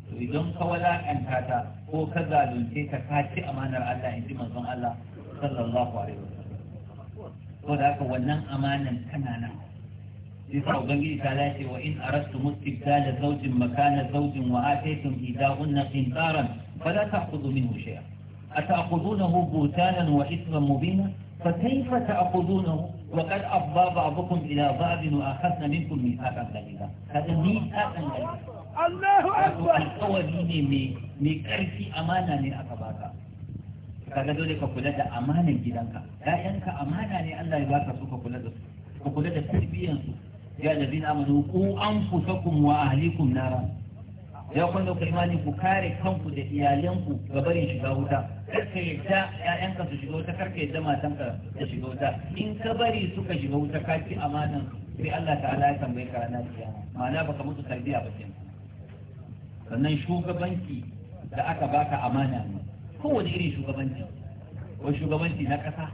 to idan ka walakanta ta ko ka zalunce ta ka ci amanar Allah in ji manzon Allah sallallahu alaihi wasallam ko da haka wannan amanan tana nan sai sa ubangiji ta lace wa in arastu mustibdala zawjin makana zawjin wa ataytum idahunna qintaran fala ta'khudhu minhu shay'a ata'khudhunahu butanan wa ithman mubina فكيف تأخذونه وقد أفضى بعضكم إلى بعض وأخذنا منكم ميثاقا غليظا هذا ميثاقا غليظا الله أكبر القوة دي مي مي كرسي أمانة من أكباتا kaga dole ka kula da amanan gidanka ƴaƴanka amana ne Allah ya baka su ka kula da su ka kula da tarbiyyar su ya ladina amanu ku anfusakum wa ahlikum nara ya kun dauka imani ku kare kanku da iyalanku ga barin shiga wuta kar ka yadda ƴaƴanka su shiga wuta kar ka yadda matanka su shiga wuta in ka bari suka shiga wuta ka ci amanan sai Allah ta'ala ya tambaye ka ranar kiyama ma'ana baka mutu tarbiyya ba kenan sannan shugabanki da aka baka amana ne kowane irin shugabanci ko shugabanci na ƙasa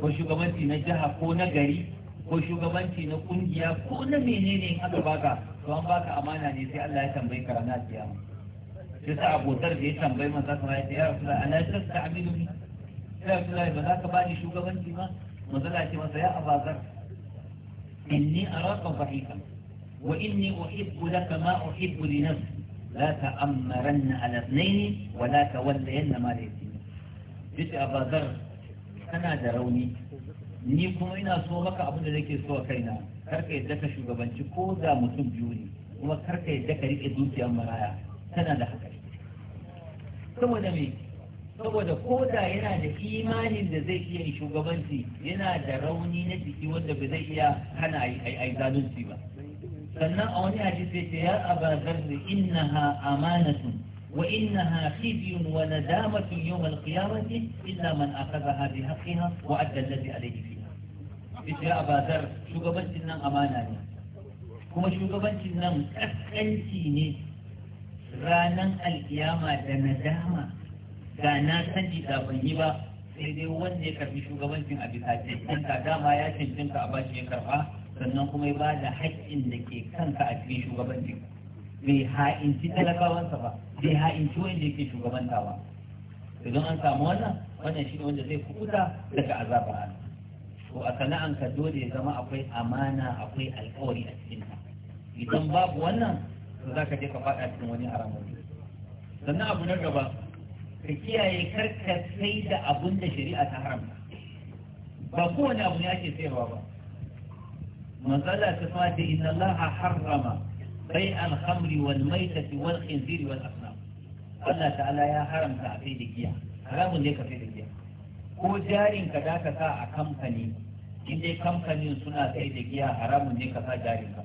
ko shugabanci na jiha ko na gari ko shugabanci na kungiya ko na menene in aka baka to an baka amana ne sai Allah ya tambayi ka ranar kiyama sai sa abotar da ya tambayi manzo sallallahu alaihi wasallam ya rasulullah ala tasta'milu ni ya rasulullah ba za ka bani shugabanci ma? manzo za ce masa ya abazar inni a araka dhahikan wa inni uhibbu laka ma uhibbu li nafsi لا تأمرن على اثنين ولا تولين ما ليتين جيت أبا ذر أنا دروني ni kuma ina so maka abin da nake so a kaina kar ka yadda ka shugabanci ko da mutum biyu ne kuma kar ka yadda ka maraya tana da haka saboda saboda ko da yana da imanin da zai iya shugabanci yana da rauni na jiki wanda ba zai iya hana ai zalunci ba sannan a wani hadisi ce ya aba zarri innaha amanatun wa innaha khizyun wa nadamatun yawm al-qiyamati illa man akhadha bi haqqiha wa adda alladhi alayhi fiha yace ya aba shugabancin nan amana ne kuma shugabancin nan kaskanci ne ranan alkiyama da nadama ga na sani da ban yi ba sai dai wanda ya karbi shugabancin a bisa cancanta dama ya cancanta a bashi ya karba sannan kuma ya ba da haƙƙin da ke kanka a cikin shugabancin bai ha'inci talakawansa ba bai ha'inci wanda yake shugabanta ba idan an samu wannan wannan shi ne wanda zai kukuta daga azabar Allah to a sana'anka dole zama akwai amana akwai alƙawari a cikin ta idan babu wannan to za ka je ka faɗa cikin wani haramun sannan abu na gaba ka kiyaye karka sai da abun da shari'a ta haramta ba kowane abu ne ake sayarwa ba matsala ta fata inna Allah harrama bai alhamri wal maitati wal khinziri wal asnam Allah ta'ala ya haramta a kai giya haramun ne ka kai giya ko jarin ka da ka sa a kamfani in dai kamfanin suna kai giya haramun ne ka sa jarin ka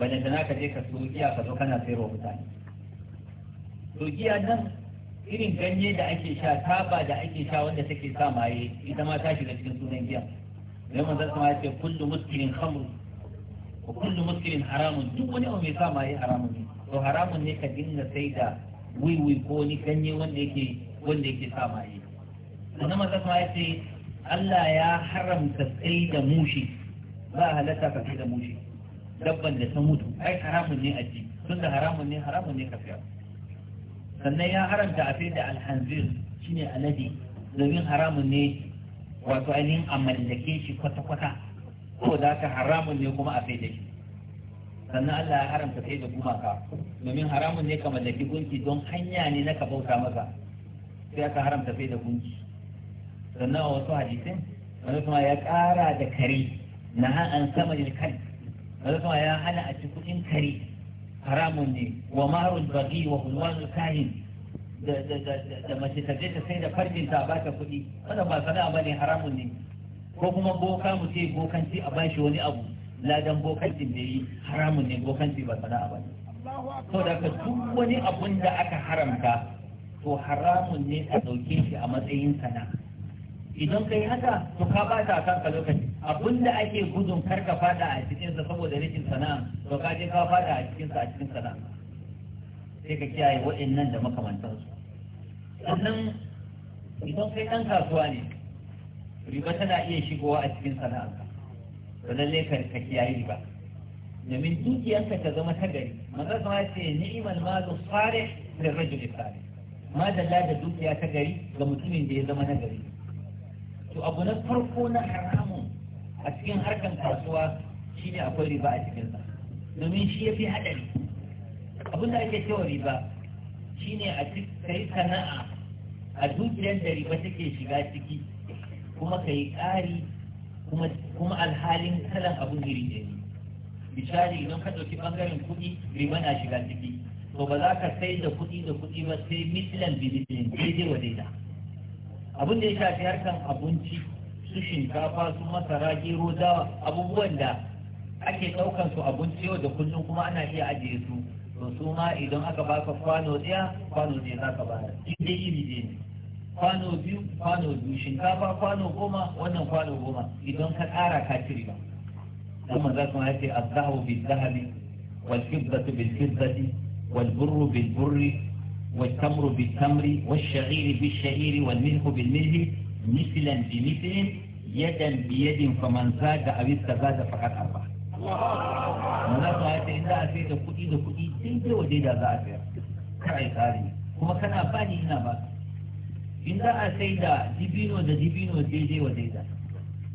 bane da je ka so giya ka zo kana sayarwa mutane to giya irin ganye da ake sha taba da ake sha wanda take sa maye ita ma ta shiga cikin sunan giya dan manzon sama ya ce kullu muskirin khamr wa kullu muskirin haramun duk wani abu mai sa maye haramun ne to haramun ne ka dinga sai da wiwi ko wani ganye wanda yake wanda yake sa maye sannan manzon sama ya ce Allah ya haramta sai da mushi ba halatta ka sai da mushi dabban da ta mutu ai haramun ne a ji tunda haramun ne haramun ne ka fiya sannan ya haramta a sai da alhanzir shine alade domin haramun ne wato ainihin a mallake shi kwata-kwata ko da ka haramun ne kuma a sai da shi sannan Allah ya haramta sai da gumaka domin haramun ne ka mallaki gunki don hanya ne na ka bauta masa sai aka haramta sai da gunki sannan a wasu hadisin wani kuma ya ƙara da kare na an sama da kai wani kuma ya hana a cikin kare haramun ne wa marul bagi wa hulwanul kahin da mace ta je ta sai da farjin ta ba ta kuɗi wannan ba sana'a ba ne haramun ne ko kuma boka mu ce bokanci a bashi wani abu ladan bokanci da yi haramun ne bokanci ba sana'a ba ne to da ka duk wani abun da aka haramta to haramun ne ka ɗauke shi a matsayin sana'a idan kai haka to ka bata kanka lokaci da ake gudun karka fada a cikin sa saboda rikin sana'a to ka je ka fada a cikin sa a cikin sana'a sai ka kiyaye waɗannan da makamantansu sannan idan kai ɗan kasuwa ne riba tana iya shigowa a cikin sana'arka ba lalle ka kiyaye riba domin dukiyarka ta zama ta gari maza zama ce ni'imar malu fare da da fare madalla da dukiya ta gari ga mutumin da ya zama na gari to abu na farko na haramun a cikin harkar kasuwa shine akwai riba a cikinsa domin shi ya fi haɗari abinda ake cewa riba shine a cikin sana'a a dukiyar da riba take shiga ciki kuma ka yi ƙari kuma alhalin kalan abin iri ne misali idan ka ɗauki ɓangaren kuɗi riba na shiga ciki to ba za ka sai da kuɗi da kuɗi ba sai mislan bi daidai wa daida abin da ya shafi harkan abinci su shinkafa su masara gero dawa abubuwan da ake ɗaukan su abinci yau da kullum kuma ana iya ajiye su to su ma idan aka baka kwano ɗaya kwano ne za ka bayar inda iri ne ne kwano biyu kwano biyu shinkafa kwano goma wannan kwano goma idan ka ƙara ka ci riba kuma za su ma yace azzahu bil zahabi wal fiddatu bil fiddati wal burru bil burri والتمر بالتمر والشعير بالشعير والملح بالملح مثلا بمثل يدا بيد فمن زاد او استزاد فقد اربح. الله. من الله da أتيت da كتي in zai waje da za a sayar kai tsari kuma kana ba ni ina ba in za a sai da dibino da dibino daidai wa da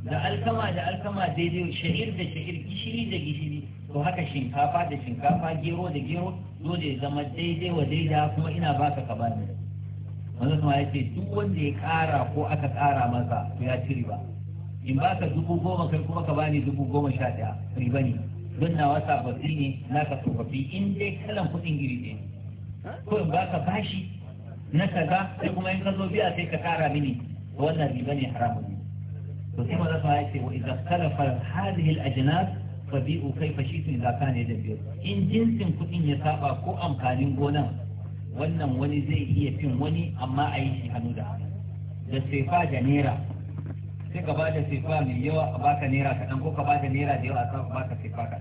da alkama da alkama daidai shahir da shahir gishiri da gishiri to haka shinkafa da shinkafa gero da gero dole ya zama daidai wa daida kuma ina baka ka bani wanda kuma ya ce duk wanda ya kara ko aka kara masa to ya ci riba in baka dubu goma kai kuma ka bani dubu goma sha daya riba ne don nawa sababbi ne na ka tsofaffi in dai kalan kuɗin iri ɗaya ko in ba ka bashi na kaza sai kuma in ka zo biya sai ka kara mini wannan riba ne haramun ne to sai maza sa yace wa idza khalafa hadhihi al-ajnas fa bi'u kayfa shi'tum idza kana yadbir in jinsin kuɗin ya saba ko amfanin gonan wannan wani zai iya fin wani amma a yi shi hannu da hannu da sefa da naira sai ka da sefa mai yawa a baka naira kaɗan ko ka ba da naira da yawa a baka sefa ka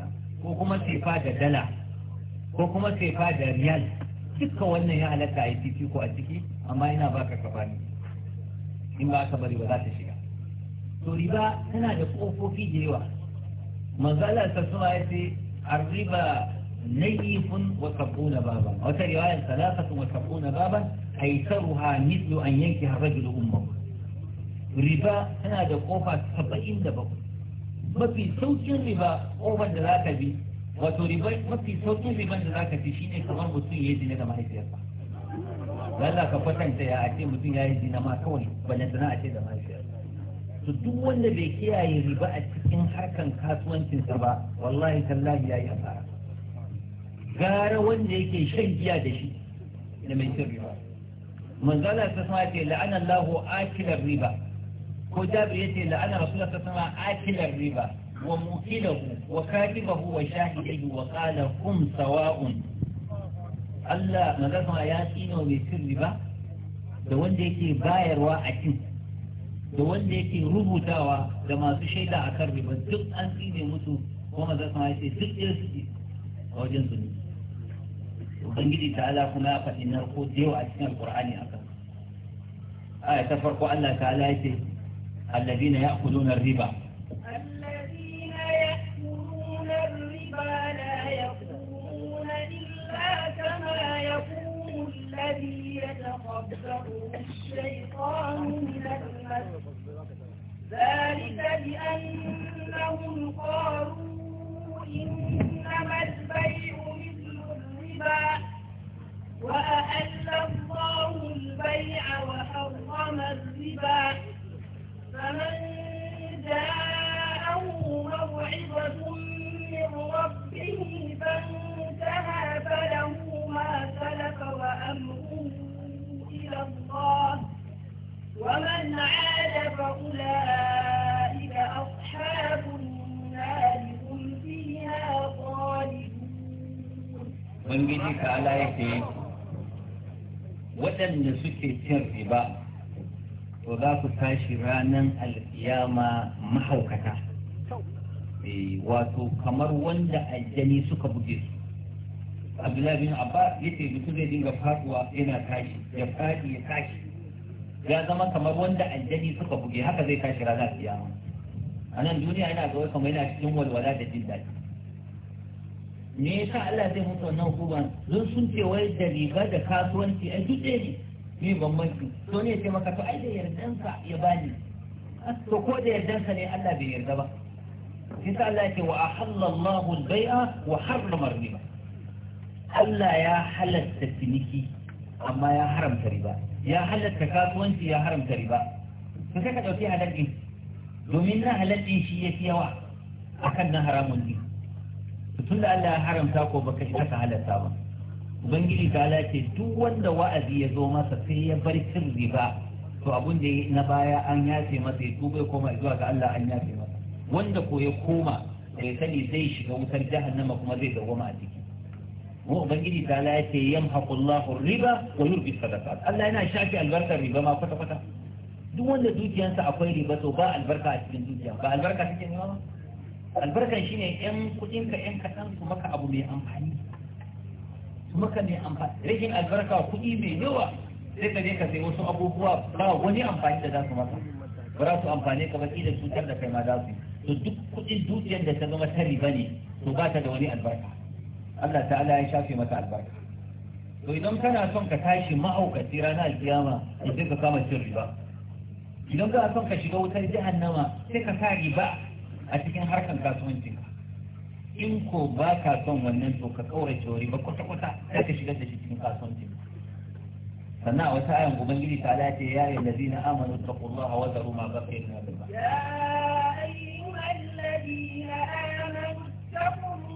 ko kuma sefa da dala ko kuma sefa da riyal duka wannan ya halatta a yi ko a ciki amma yana baka kafani in ba aka bari ba za ta shiga to riba tana da kofofi da yawa manzala ta suma ya ce arriba naifun wa sabuna baba wata riwayar salafatun wa sabuna baba aisaruha mislu an yanki harajul umma riba tana da kofa saba'in da bakwai mafi saukin riba kofar da za ka bi wato ribai mafi sauƙin riban da zaka ci shine kamar mutum ya yi zina da mahaifiyarsa lalla ka kwatanta ya a ce mutum ya yi zina ma kawai balantana a ce da mahaifiyarsa to duk wanda bai kiyaye riba a cikin harkan kasuwancinsa ba wallahi tallahi ya yi asara gara wanda yake shan giya da shi da mai cin riba manzala ta sama ce la'ana Allahu akilar riba ko ya ce la'ana rasulullah ta sama akilar riba وموكله وكاتبه وشاهده وقال هم سواء Allah magana ya tsino mai sirri ba da wanda yake bayarwa a cin da wanda yake rubutawa da masu shaida a kan riba duk an tsine musu kuma magana ya ce duk irin su a wajen zunubi ubangiji Ala kuma ya faɗi narko da yawa a cikin alƙur'ani a kan aya ta farko Allah ta ala ya ce allazina ya'kuluna riba الذي يتخبطه الشيطان من المس ذلك بأنهم قالوا إنما البيع مثل الربا وأحل الله البيع وحرم الربا فمن جاءه موعظة من ربه فانتهى فله أمره إلى الله ومن عاد فأولئك أصحاب النار هم فيها خالدون من جديك على يكي waɗanda suke cin riba to za ku tashi ranar alkiyama mahaukata wato kamar wanda aljani suka buge su abdullahi bin abbas yace mutum zai dinga faduwa yana tashi ya fadi ya tashi ya zama kamar wanda aljani suka buge haka zai tashi ranar kiyama a nan duniya yana ga kamar yana cikin walwala da jin daɗi me yasa Allah zai mutu wannan hukuman zan sun ce wai da riga da kasuwanci ai duk ne ne bambanci to ne sai maka to ai da yardansa ya bani to ko da yardansa ne Allah bai yarda ba yasa Allah ya ce wa ahallallahu al-bai'a wa harrama riba Allah ya halatta ciniki amma ya haramta riba ya halatta kasuwanci ya haramta riba to kaka ɗauki halaƙin domin na halaƙin shi ya fi yawa akan na haramun ne tun da Allah ya haramta ko baka isa ka halatta ba ubangiji ta ce duk wanda wa'azi ya zo masa sai ya bar cin riba to abun da na baya an yafe masa ya tuba ya koma zuwa ga Allah an yafe masa wanda ko ya koma bai sani zai shiga wutar jahannama kuma zai dawwama a ciki mu ubangiji ta la yace yamhaqullahu riba wa yurbi sadaqat Allah yana shafi albarkar riba ma kwata kwata duk wanda dukiyansa akwai riba to ba albarka a cikin dukiya ba albarka take nema ba albarkan shine yan kudin ka yan kadan su maka abu mai amfani kuma ka mai amfani rikin albarka kudi mai yawa sai ka je ka sai wasu abubuwa ba wani amfani da za su maka ba za su amfani ka ba kila cutar da kai ma za su to duk kudin dukiyar da ta zama ta riba ne to ba ta da wani albarka Allah ta'ala ya shafe mata albarka to idan kana son ka tashi ma'aukaci ranar kiyama sai ka kama cin riba idan kana son ka shiga wutar jahannama sai ka sa riba a cikin harkan kasuwancin in ko ba ka son wannan to ka kaurace wa riba kwata-kwata sai ka shigar da shi cikin kasuwancin sannan a wata ayan ubangiji ta dace ya yi lazina amanu taqullaha wa ruma ba baqiya min na riba ya ayyuhal na amanu taqullaha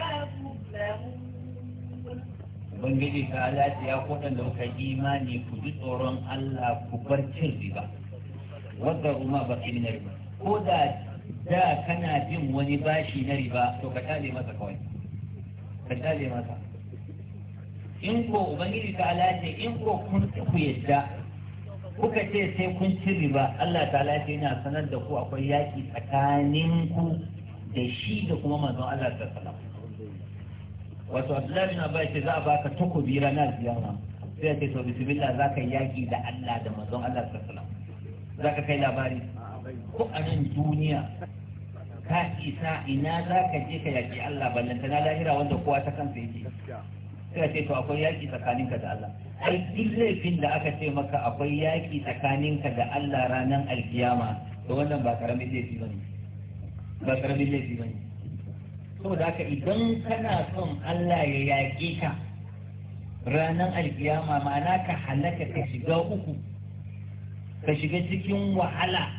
ubangiji ta alaji ya waɗanda kuka imani ku ji tsoron Allah ku bar cin riba wadda kuma ba su na riba ko da da kana jin wani bashi na riba to ka tale masa kawai ka tale masa in ko ubangiji ta alaji in ko kun ku yadda kuka ce sai kun ci riba Allah ta alaji yana sanar da ku akwai yaki tsakanin ku da shi da kuma manzon Allah sallallahu alaihi wato abdullahi na abbas ce za a baka takobi ranar ziyara sai ya ce to bismillah za ka yaki da allah da manzon allah sallallahu za ka kai labari ko a nan duniya ka isa ina za ka je ka yaki allah ballanta na lahira wanda kowa ta kansa yake sai ce to akwai yaki tsakaninka da allah ai duk laifin da aka ce maka akwai yaki tsakaninka da allah ranar alkiyama to wannan ba karamin laifi bane ba karamin laifi bane saboda haka idan kana son Allah ya yaƙe ka ranar alkiyama ma'ana ka halaka ka shiga uku ka shiga cikin wahala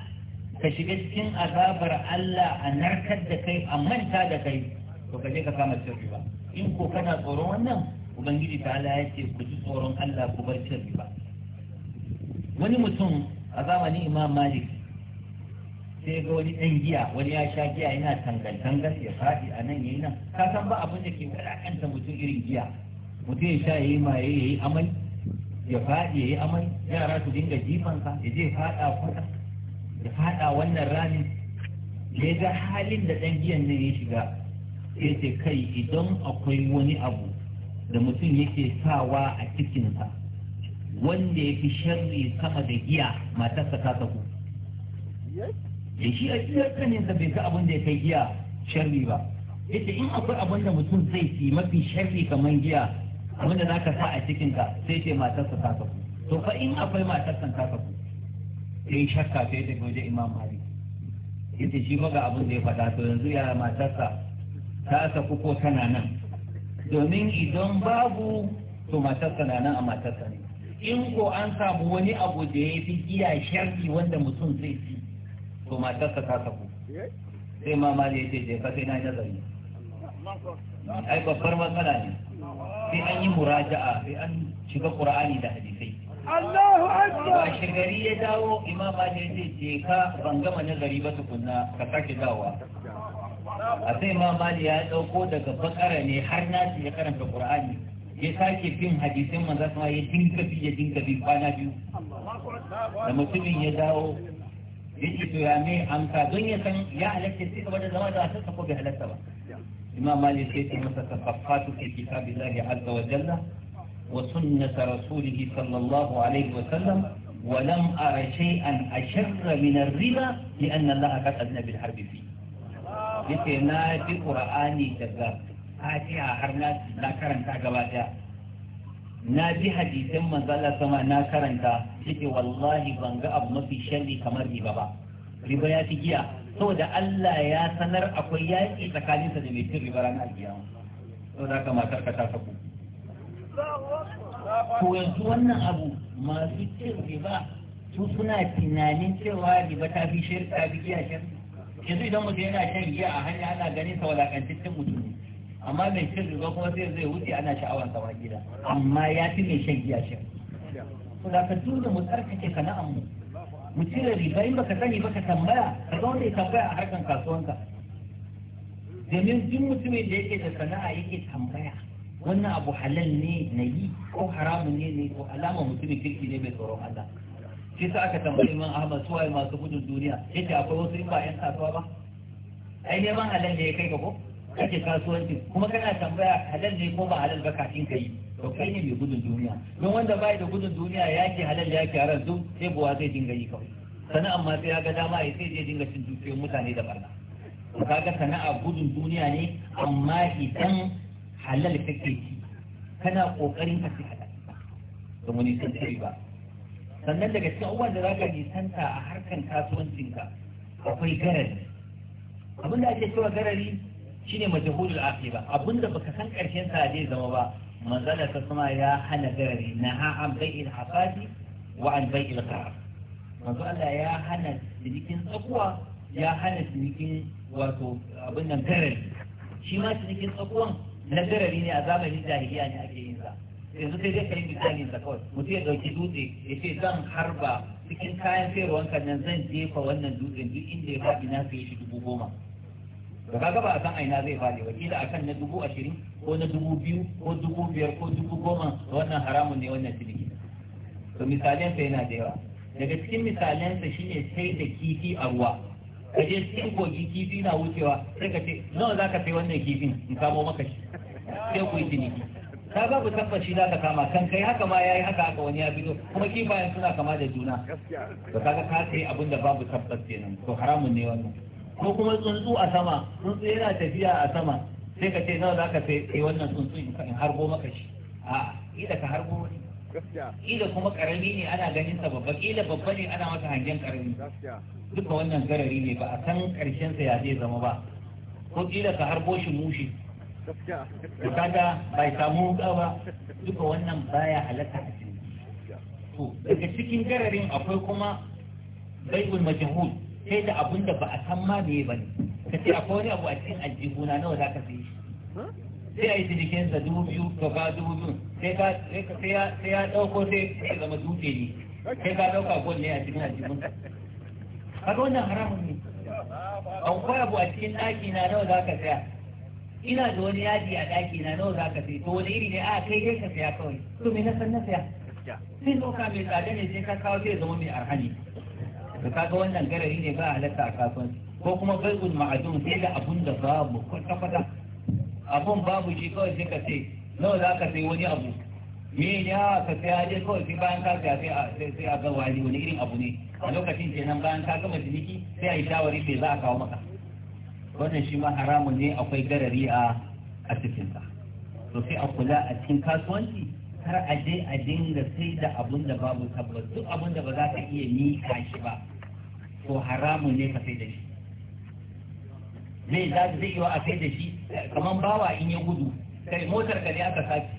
ka shiga cikin azabar Allah a narkar da kai a manta da kai to ka je ka kama cin riba in ko kana tsoron wannan ubangiji ta Allah ya ce ku ji tsoron Allah ku bar cin riba wani mutum a zamanin Imam Malik sai ga wani ɗan giya wani ya sha giya yana tangal ya faɗi a nan yayi nan ka san ba abin da ke wadaƙanta mutum irin giya mutum ya sha yayi maye yayi amai ya faɗi yayi amai yara su dinga jifansa ya je faɗa kwata ya faɗa wannan ramin ya ga halin da ɗan giyan nan ya shiga ya ce kai idan akwai wani abu da mutum yake sawa a cikinsa wanda ya fi sharri sama da giya matarsa ta saku da shi a iya kaninsa bai ga abin da ya kai giya sharri ba yace in akwai abin da mutum zai fi mafi sharri kamar giya abin da zaka sa a cikin ka sai ce matarsa ta kafu to fa in akwai matarsa ta kafu sai shakka sai ta goje imam mali yace shi ga abin da ya faɗa to yanzu ya matarsa ta saku ko tana nan domin idan babu to matarsa na nan a matarsa ne in ko an samu wani abu da ya fi giya sharri wanda mutum zai fi to matarsa ta saku sai ma ma ne ce je ka sai na nazari ai babbar matsala ne sai an yi muraja'a sai an shiga qur'ani da hadisai Allahu akbar ba shigari ya dawo imam ne ce je ka ban gama nazari ba tukunna ka sake dawowa a sai imam ya dauko daga bakara ne har na ya karanta qur'ani ya sake bin hadisin manzo ya dinka bi ya dinka bi kwana biyu da mutumin ya dawo yake to ya me amsa don ya san ya halatta sai gaba da zama da wasan ko bai halatta ba imam malik sai ya masa tafafatu fi kitabillahi azza wa jalla wa sunnat rasulih sallallahu alaihi wa sallam ولم أرى شيئا أشر من الربا لأن الله قد أذن بالحرب na يقول نادي قرآني تبقى هاتي أحرنا لا كرم تاقبا na ji hadisin manzala sama na karanta cike wallahi ban ga abu mafi sharri kamar riba ba riba ya fi giya saboda Allah ya sanar akwai yaƙi tsakaninsa da mai cin riba ranar alkiyama saboda haka matar ka ta saku ko yanzu wannan abu masu cin riba su suna tunanin cewa riba ta fi shirka ta fi giya shirka yanzu idan mutum yana shan giya a hanya ana ganin sa wadakantaccen mutum ne. amma mai cin riba kuma sai zai wuce ana sha'awar sama gida amma ya fi mai shan giya shan to da ka tuna mu tsarkake sana'ar mu mu cire riba in baka sani baka tambaya ka zama ka tambaya a harkan kasuwanka domin duk mutumin da yake da sana'a yake tambaya wannan abu halal ne na yi ko haramun ne ne ko alama mutumin kirki ne mai tsoron Allah shi sa aka tambayi Imam Ahmad suwaye masu gudun duniya Yake akwai wasu in ba 'yan kasuwa ba ai neman halal ne ya kai ka ko kake kasuwancin? kuma kana tambaya halal ne ko ba halal ba kafin ka yi to kai ne mai gudun duniya don wanda bai da gudun duniya ya ke halal ya ke haram duk sai buwa zai dinga yi kawai Sana'a ma sai ya ga dama ya sai zai dinga cin dukiyoyin mutane da barna to kaga sana'a gudun duniya ne amma idan halal kake ci kana kokarin ka ci halal to mun san sai ba sannan daga cikin abubuwan da zaka nisanta a harkan kasuwancinka akwai garari abin da ake cewa garari ne shine majhulul aqiba abinda baka san karshen sa zai zama ba manzala ta sama ya hana garari na ha an bai bai'il hasadi wa an bai'il qarar manzo Allah ya hana cinikin tsakuwa ya hana cinikin wato abin nan garari shi ma cinikin tsakuwan na garari ne a zamanin jahiliya ne ake yin sa yanzu sai dai kai misalin sa kawai mutum ya dauki dutse ya ce zan harba cikin kayan sayarwanka nan zan jefa wannan dutsen duk inda ya faɗi na sai shi dubu goma da ka gaba a san aina zai fadi wakila a akan na dubu ashirin ko na dubu biyu ko dubu biyar ko dubu goma wannan haramun ne wannan ciniki to misalensa yana da yawa daga cikin shi ne sai da kifi a ruwa ka je cikin kogi kifi na wucewa sai ka ce nawa za ka sai wannan kifin in kamo maka shi sai ku yi ciniki ka babu tabbaci za ka kama kan kai haka ma ya yi haka haka wani ya fito kuma kifayen suna kama da juna to kaga ka sai abin da babu tabbas kenan to haramun ne wannan ko kuma tsuntsu a sama tsuntsu yana tafiya a sama sai ka ce nawa za ka sai eh, wannan tsuntsu in harbo maka shi a ila ka harbo wani ila kuma karami ne ana ganin sa babba ila babba ne ana masa hangen karami duka wannan garari ne ba a san karshen sa ya zai zama ba ko ila ka harbo shi mushi da kaga bai samu wuka ba duka wannan baya halatta a cikin to daga cikin gararin akwai kuma baibul majhul sai da abun da ba a san ma me ba ne ka ce akwai wani abu a cikin aljihuna nawa za ka fi sai a yi cinikin sa dubu biyu ka ba dubu biyu sai ya dauko sai ya zama dutse ne sai ka ɗauka gwal ne a cikin aljihun ga wannan haramun ne akwai abu a cikin daki na nawa za ka saya ina da wani yaji a daki na nawa za ka saya to wani iri ne a kai ne ka saya kawai to me na san na saya sai lokacin mai tsada ne sai ka kawo sai zama mai arhani da kaga wannan garari ne ba halatta a kasuwanci ko kuma bai'ul ma'adun sai da abun da babu kwata kwata abun babu shi kawai sai ka ce nawa za ka sai wani abu me ya ka sai aje kawai sai bayan ka saya sai a ga wani wani irin abu ne a lokacin kenan bayan ka gama ciniki sai a yi shawari sai za a kawo maka wannan shi ma haramun ne akwai garari a a cikinsa to sai a kula a cikin kasuwanci kar a je a dinga sai da abun da babu tabbas duk abun da ba za ka iya mika shi ba to haramun ne ka sai da shi zai za zai yi wa a sai da shi kamar bawa in ya gudu kai motar ka ne aka sace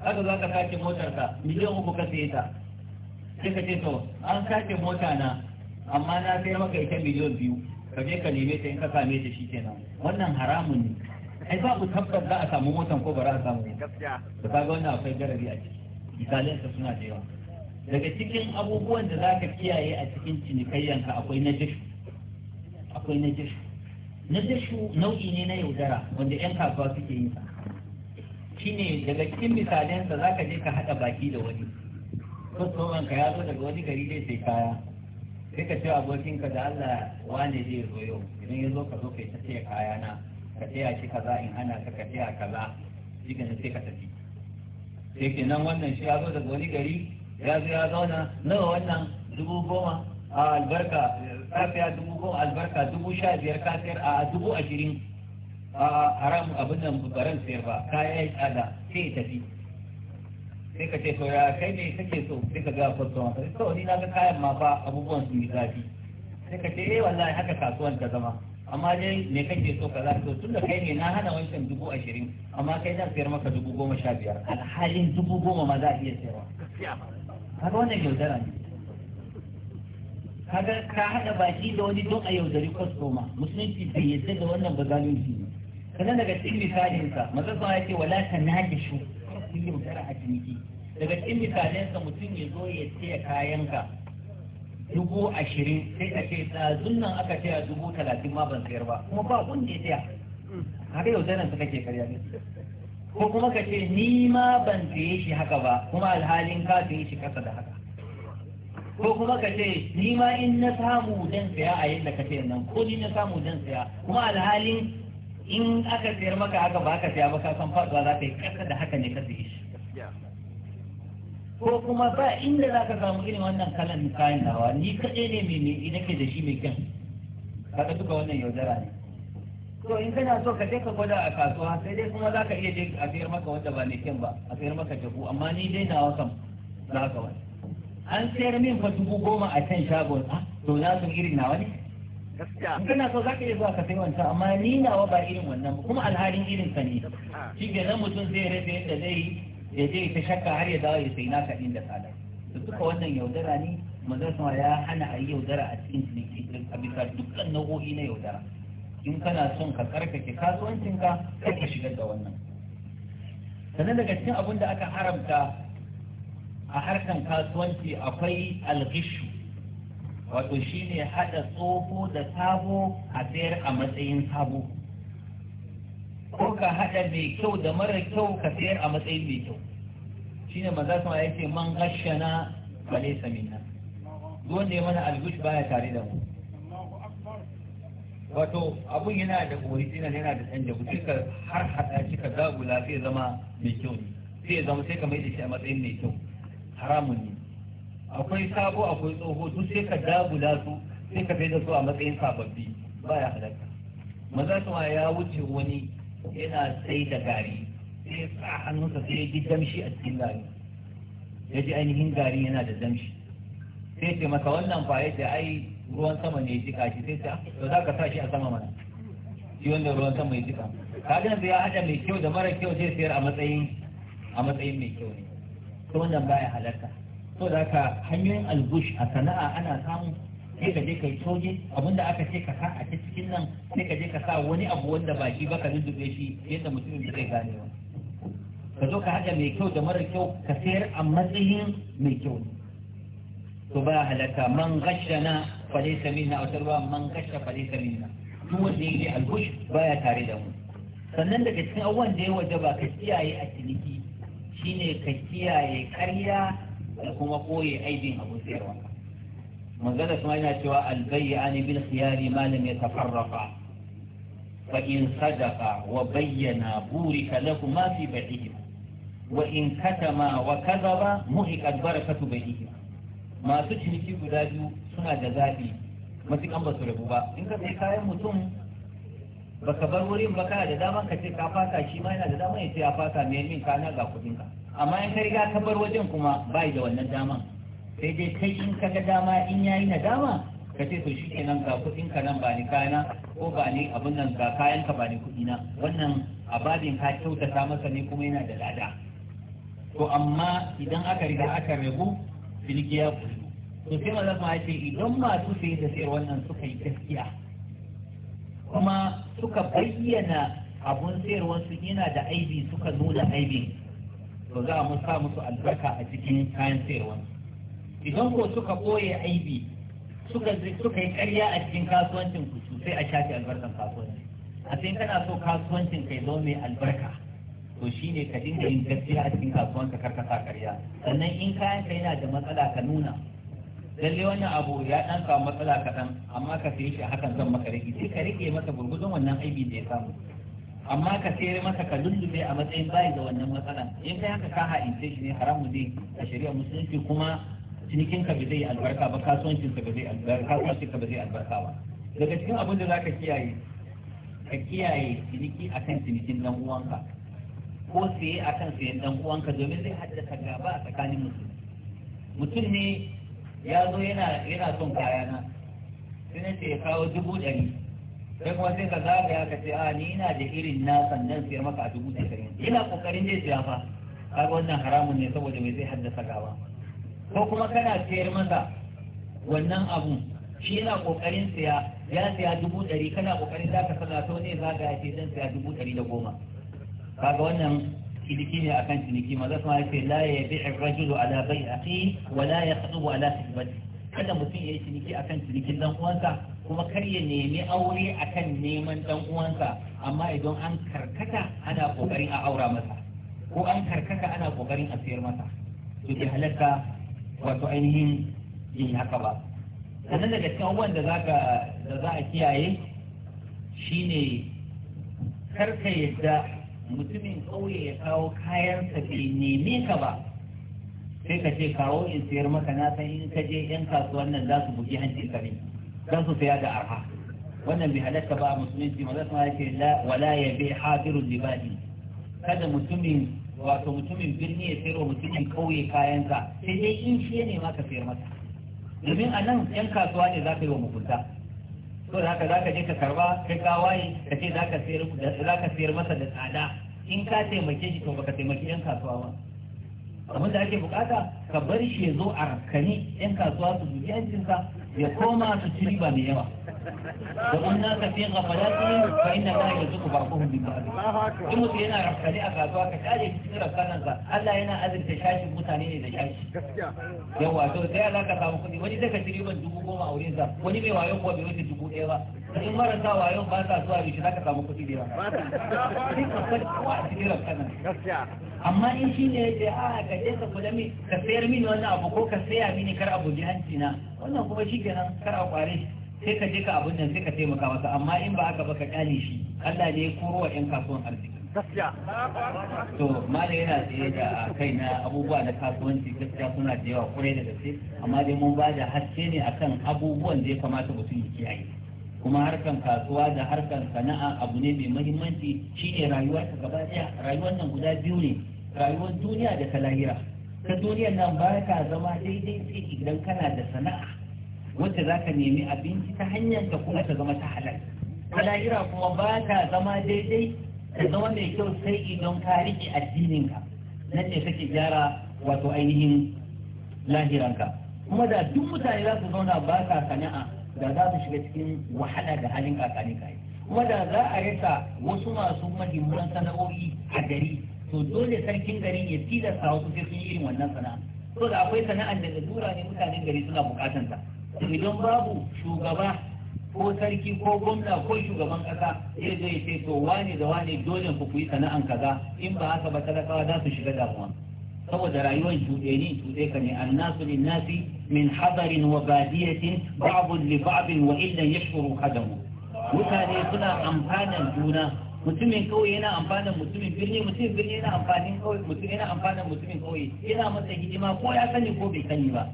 aka za ka sace motar ka miliyan uku ka sai ta sai ka ce to an sace mota na amma na sai maka ita miliyan biyu ka je ka neme ta in ka same ta shi kenan wannan haramun ne ai ku tabbas za a samu motan ko ba za a samu ba ka ga wannan akwai garabi a ciki misalansa suna da yawa daga cikin abubuwan da za ka kiyaye a cikin cinikayyanka akwai na jishu akwai na jishu na jishu nau'i ne na yaudara wanda 'yan kasuwa suke yin sa shine daga cikin misalansa za ka je ka haɗa baki da wani kwastoman ka ya zo daga wani gari zai sai kaya sai ka ce abokinka da Allah wane zai zo yau idan ya zo ka zo kai ta sai kaya na ka taya shi kaza in hana ka ka taya kaza shi ka sai ka tafi sai kenan wannan shi ya zo daga wani gari ya zo ya zauna nawa wannan dubu goma a albarka kafiya dubu goma albarka dubu sha biyar kafiyar a dubu ashirin a haram abin nan baran sayar ba kaya ya tsada sai ya tafi sai ka ce to ya kai ne kake so sai ka ga sai ka wani na ga kayan ma fa abubuwan sun yi zafi sai ka ce eh wallahi haka kasuwan ta zama amma dai me kake so kaza to tun da kai ne na hana wancan dubu ashirin amma kai zan sayar maka dubu goma sha biyar alhalin dubu goma ma za a iya sayarwa kaga wannan yaudara ne kaga ka haɗa baki da wani don a yaudari kwastoma musulunci bai yadda da wannan ba zalunci ne kaza daga cikin misalinsa maza ya ce wala ta nage shu yaudara a ciniki daga cikin misalinsa mutum ya zo ya siya kayanka dubu ashirin sai a ce ɗazun nan aka ce a dubu talatin ma ban sayar ba kuma ba kun ne tsaya haka yau zanen suka ke karya ne ko kuma ka ce ni ma ban saye shi haka ba kuma alhalin ka saye shi kasa da haka ko kuma ka ce ni ma in na samu zan saya a yadda ka ce nan ko ni na samu zan saya kuma alhalin in aka sayar maka haka ba ka saya ba ka san faɗuwa za ka yi kasa da haka ne ka saye shi ko kuma ba inda za ka samu irin wannan kalan kayan nawa ni kaɗai ne mai mai ke da shi mai kyan kaga duka wannan yaudara ne to in kana so ka je ka gwada a kasuwa sai dai kuma za ka iya je a sayar maka wanda ba mai kyan ba a sayar maka jabu amma ni dai nawa kam za ka wani an sayar min fa dubu goma a can shagon a ah, to na sun irin nawa ne kana so za ka iya zuwa ka sai wancan amma ni nawa ba irin wannan ba kuma alhalin irin sa ne ah. shi ke nan mutum zai rabe yadda zai yi ya je ta shakka har ya dawo ya sai naka din da tsada, to duka wannan yaudara ne manzon sama ya hana a yi yaudara a cikin ciniki a bisa dukkan nau'o'i na yaudara in kana son ka karkace kasuwancinka kai ka shigar da wannan sannan daga cikin abin da aka haramta a harkan kasuwanci akwai algishu wato shine hada tsoho da sabo a sayar a matsayin sabo ko ka haɗa mai kyau da mara kyau ka sayar a matsayin mai kyau Shi ne maza sama ya ce man na ba ne samina Don ya mana algush baya tare da mu wato abun yana da original yana da canja ku kika har haɗa shi ka zagula sai zama mai kyau ne sai ya zama sai ka mai da shi a matsayin mai kyau haramun ne akwai sabo akwai tsoho duk sai ka dagula su sai ka da su a matsayin sababbi baya halatta maza kuma ya wuce wani yana sai da gari sai sa hannunsa sai ya ji damshi a cikin gari ya ji ainihin gari yana da damshi sai ce maka wannan ba yadda ai ruwan sama ne ya jika shi sai ce ah, to za ka sa shi a sama mana shi wanda ruwan sama ya jika ka ga ya hada mai kyau da mara kyau sai sayar a matsayin a matsayin mai kyau ne to wannan baya halarta to da haka hanyoyin albush a sana'a ana samun sai ka je ka yi abin abinda aka ce ka sa a cikin nan sai ka je ka sa wani abu wanda baki ba ka lullube shi yadda mutumin da zai gane wa ka zo ka haɗa mai kyau da mara kyau ka sayar a matsayin mai kyau to ba halatta man na falaisa samina, a tarwa man gasha falaisa samina. Tun wanda ya yi albush baya tare da mu sannan daga cikin abubuwan da ya waje ba ka kiyaye a ciniki shine ka kiyaye karya da kuma koye aibin abun sayarwa manzana kuma yana cewa an bil khiyari ma lam yatafarraqa fa in sadaqa wa bayyana burika lakum ma fi bai'ihim wa in katama wa kadhaba muhiqat barakatu bai'ihim masu ciniki guda biyu suna da zabi matukan ba su rabu ba in ka sai kayan mutum baka bar wurin ba kana da dama ka ce ka fasa shi ma yana da dama ya ce ya fasa mai min kana ga kudin ka amma in ka riga ka bar wajen kuma bai da wannan daman sai dai kai in ka ga dama in yayi nadama ka ce to nan ga kuɗin ka nan ba ni kayana ko ba ni abin nan ga kayan ka ba ni kuɗi na wannan ababin ka kyautata masa ne kuma yana da lada to amma idan aka riga aka rabu filiki ya kuɗi. to sai maza zama ce idan masu sai da sayar wannan suka yi gaskiya kuma suka bayyana abun sayarwarsu yana da aibi suka nuna aibi to za mu sa musu albarka a cikin kayan sayarwarsu idan ko suka koye aibi suka suka yi karya a cikin kasuwancin ku sosai a shafi albarkan kasuwanci a sai kana so kasuwancin kai zo mai albarka to shine ka dinga yin gaskiya a cikin kasuwanka kar ka sa karya sannan in kayan ka yana da matsala ka nuna lalle wannan abu ya dan samu matsala kaɗan amma ka sai shi hakan zan maka rage sai ka rike masa gurgudun wannan aibi da ya samu amma ka sayar masa ka lullube a matsayin bayi da wannan matsalan in kai haka ka ha'ince shi ne haramu ne a shari'ar musulunci kuma cinikin ka ba zai albarka ba kasuwancin ka ba zai albarka kasuwancin ka ba zai albarka ba daga cikin abin da zaka kiyaye ka kiyaye ciniki akan cinikin dan uwanka ko siye akan siyan dan uwanka domin zai haddasa gaba a tsakanin mutum mutum ne ya zo yana yana son kayana sai na ce ya kawo dubu ɗari sai kuma sai ka zagaya ka ce a ni ina da irin na sannan sayar maka a dubu ɗari ina kokarin zai siya fa kaga wannan haramun ne saboda mai zai haddasa gaba ko kuma kana sayar masa wannan abu shi yana kokarin siya ya siya dubu ɗari kana kokarin za ka sana to ne za ka yace zan siya dubu ɗari da goma kaga wannan ciniki ne akan ciniki maza kuma ya ce la ya bi'ir rajulu ala bai a wa la ya khatubu ala hikmati kada mutum ya yi ciniki akan cinikin dan uwansa kuma kar ya nemi aure akan neman dan uwansa amma idan an karkata ana kokarin a aura masa ko an karkata ana kokarin a siyar masa to bi wato ainihin yin haka ba sannan daga cikin abubuwan da za a kiyaye shine karka yadda mutumin ƙauye ya kawo kayansa bai neme ka ba sai ka ce kawo in sayar maka na san in ka je yan kasuwan nan za su bugi hancin ka ne za su saya da arha wannan bai halatta ba musulunci maza sama yake wala ya bai hadirun libadi kada mutumin wato mutumin birni ya sayar wa mutumin kauye kayansa sai dai in shi ne ma ka sayar masa domin a nan yan kasuwa ne za ka yi wa mugunta to da haka za ka je ka karba kai ka waye ka ce za ka sayar masa da tsada in ka taimake shi to baka taimaki yan kasuwa ba abin da ake bukata ka bar shi ya zo a rakkani yan kasuwa su dubi yancinsa ya koma su ciri ba mai yawa وإن ناس في غفلاتهم فإن الله يرزق بعضهم من بعض in mutum yana rafkani a kasuwa ka kare shi cikin rafkanansa Allah yana azurta shashin mutane ne da shashi yawa to sai Allah ka samu kudi, wani zai ka ci riban dubu goma a wurinsa wani mai wayo kuwa bai wuce dubu ɗaya ba in marasa wayon ba sa zuwa yau za ka samu kudi da yawa sai ka kwai kowa a cikin rafkanan amma in shi ne ya ce a ka je ka kula min ka sayar mini wannan abu ko ka saya mini kar abu jihanci na wannan kuma shi kenan kar a kware shi sai ka je ka abin nan sai ka taimaka masa amma in ba aka baka kyale shi Allah ne ya koro wa ƴan kasuwan arziki gaskiya to malam yana tsaye da kai na abubuwa na kasuwanci gaskiya suna da yawa kwarai da gaske amma dai mun ba da haske ne akan abubuwan da ya kamata mutum ya kiyaye kuma harkan kasuwa da harkan sana'a abu ne mai mahimmanci shine rayuwar ka gaba daya rayuwar nan guda biyu ne rayuwar duniya da ta lahira ta duniyar nan ba ka zama daidai sai idan kana da sana'a wanda za ka nemi abinci ta hanyar ta kuma ta zama ta halal a lahira kuma ba ta zama daidai ta zama mai kyau sai idan ka riƙe addininka nan ne kake gyara wato ainihin lahiranka kuma da duk mutane za su zauna ba ka sana'a da za su shiga cikin wahala da halin kakani kai kuma da za a rasa wasu masu mahimman sana'o'i a gari to dole sarkin gari ya tilasta wasu sai sun yi irin wannan sana'a to da akwai sana'a da da dura ne mutanen gari suna bukatanta idan babu shugaba ko sarki ko gwamna ko shugaban kasa ya zai ce to wane da wane dole ku yi sana'an kaza in ba haka ba talakawa za su shiga damuwa saboda rayuwar shuɗe ne shuɗe ka ne annasu lin nasi min hadarin wa badiyatin babu li ba'din wa illan yashkuru hadamu mutane suna amfanan juna mutumin kawai yana amfanin mutumin birni mutumin birni yana amfanin kawai mutum yana amfanin mutumin kawai yana masa hidima ko ya sani ko bai sani ba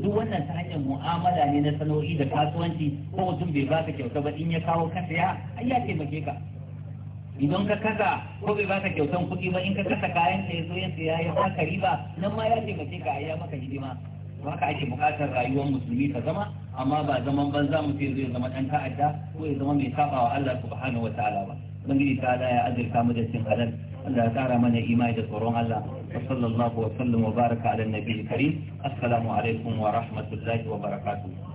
duk wannan ta hanyar mu'amala ne na sana'o'i da kasuwanci ko mutum bai baka kyauta ba in ya kawo ka saya ai ya taimake ka idan ka kasa ko bai baka kyautan kuɗi ba in ka kasa kayan ka ya zo ya saya ya baka riba nan ma ya taimake ka ai ya maka hidima to haka ake buƙatar rayuwar musulmi ta zama amma ba zaman banza mutum zai zama ɗan ta'adda ko ya zama mai wa Allah subhanahu wa ta'ala ba ubangiji ta ala ya ajiye mu da cin halal Allah ya kara mana imani da tsoron Allah wa sallallahu wa sallam wa baraka ala karim assalamu alaikum wa rahmatullahi wa barakatuh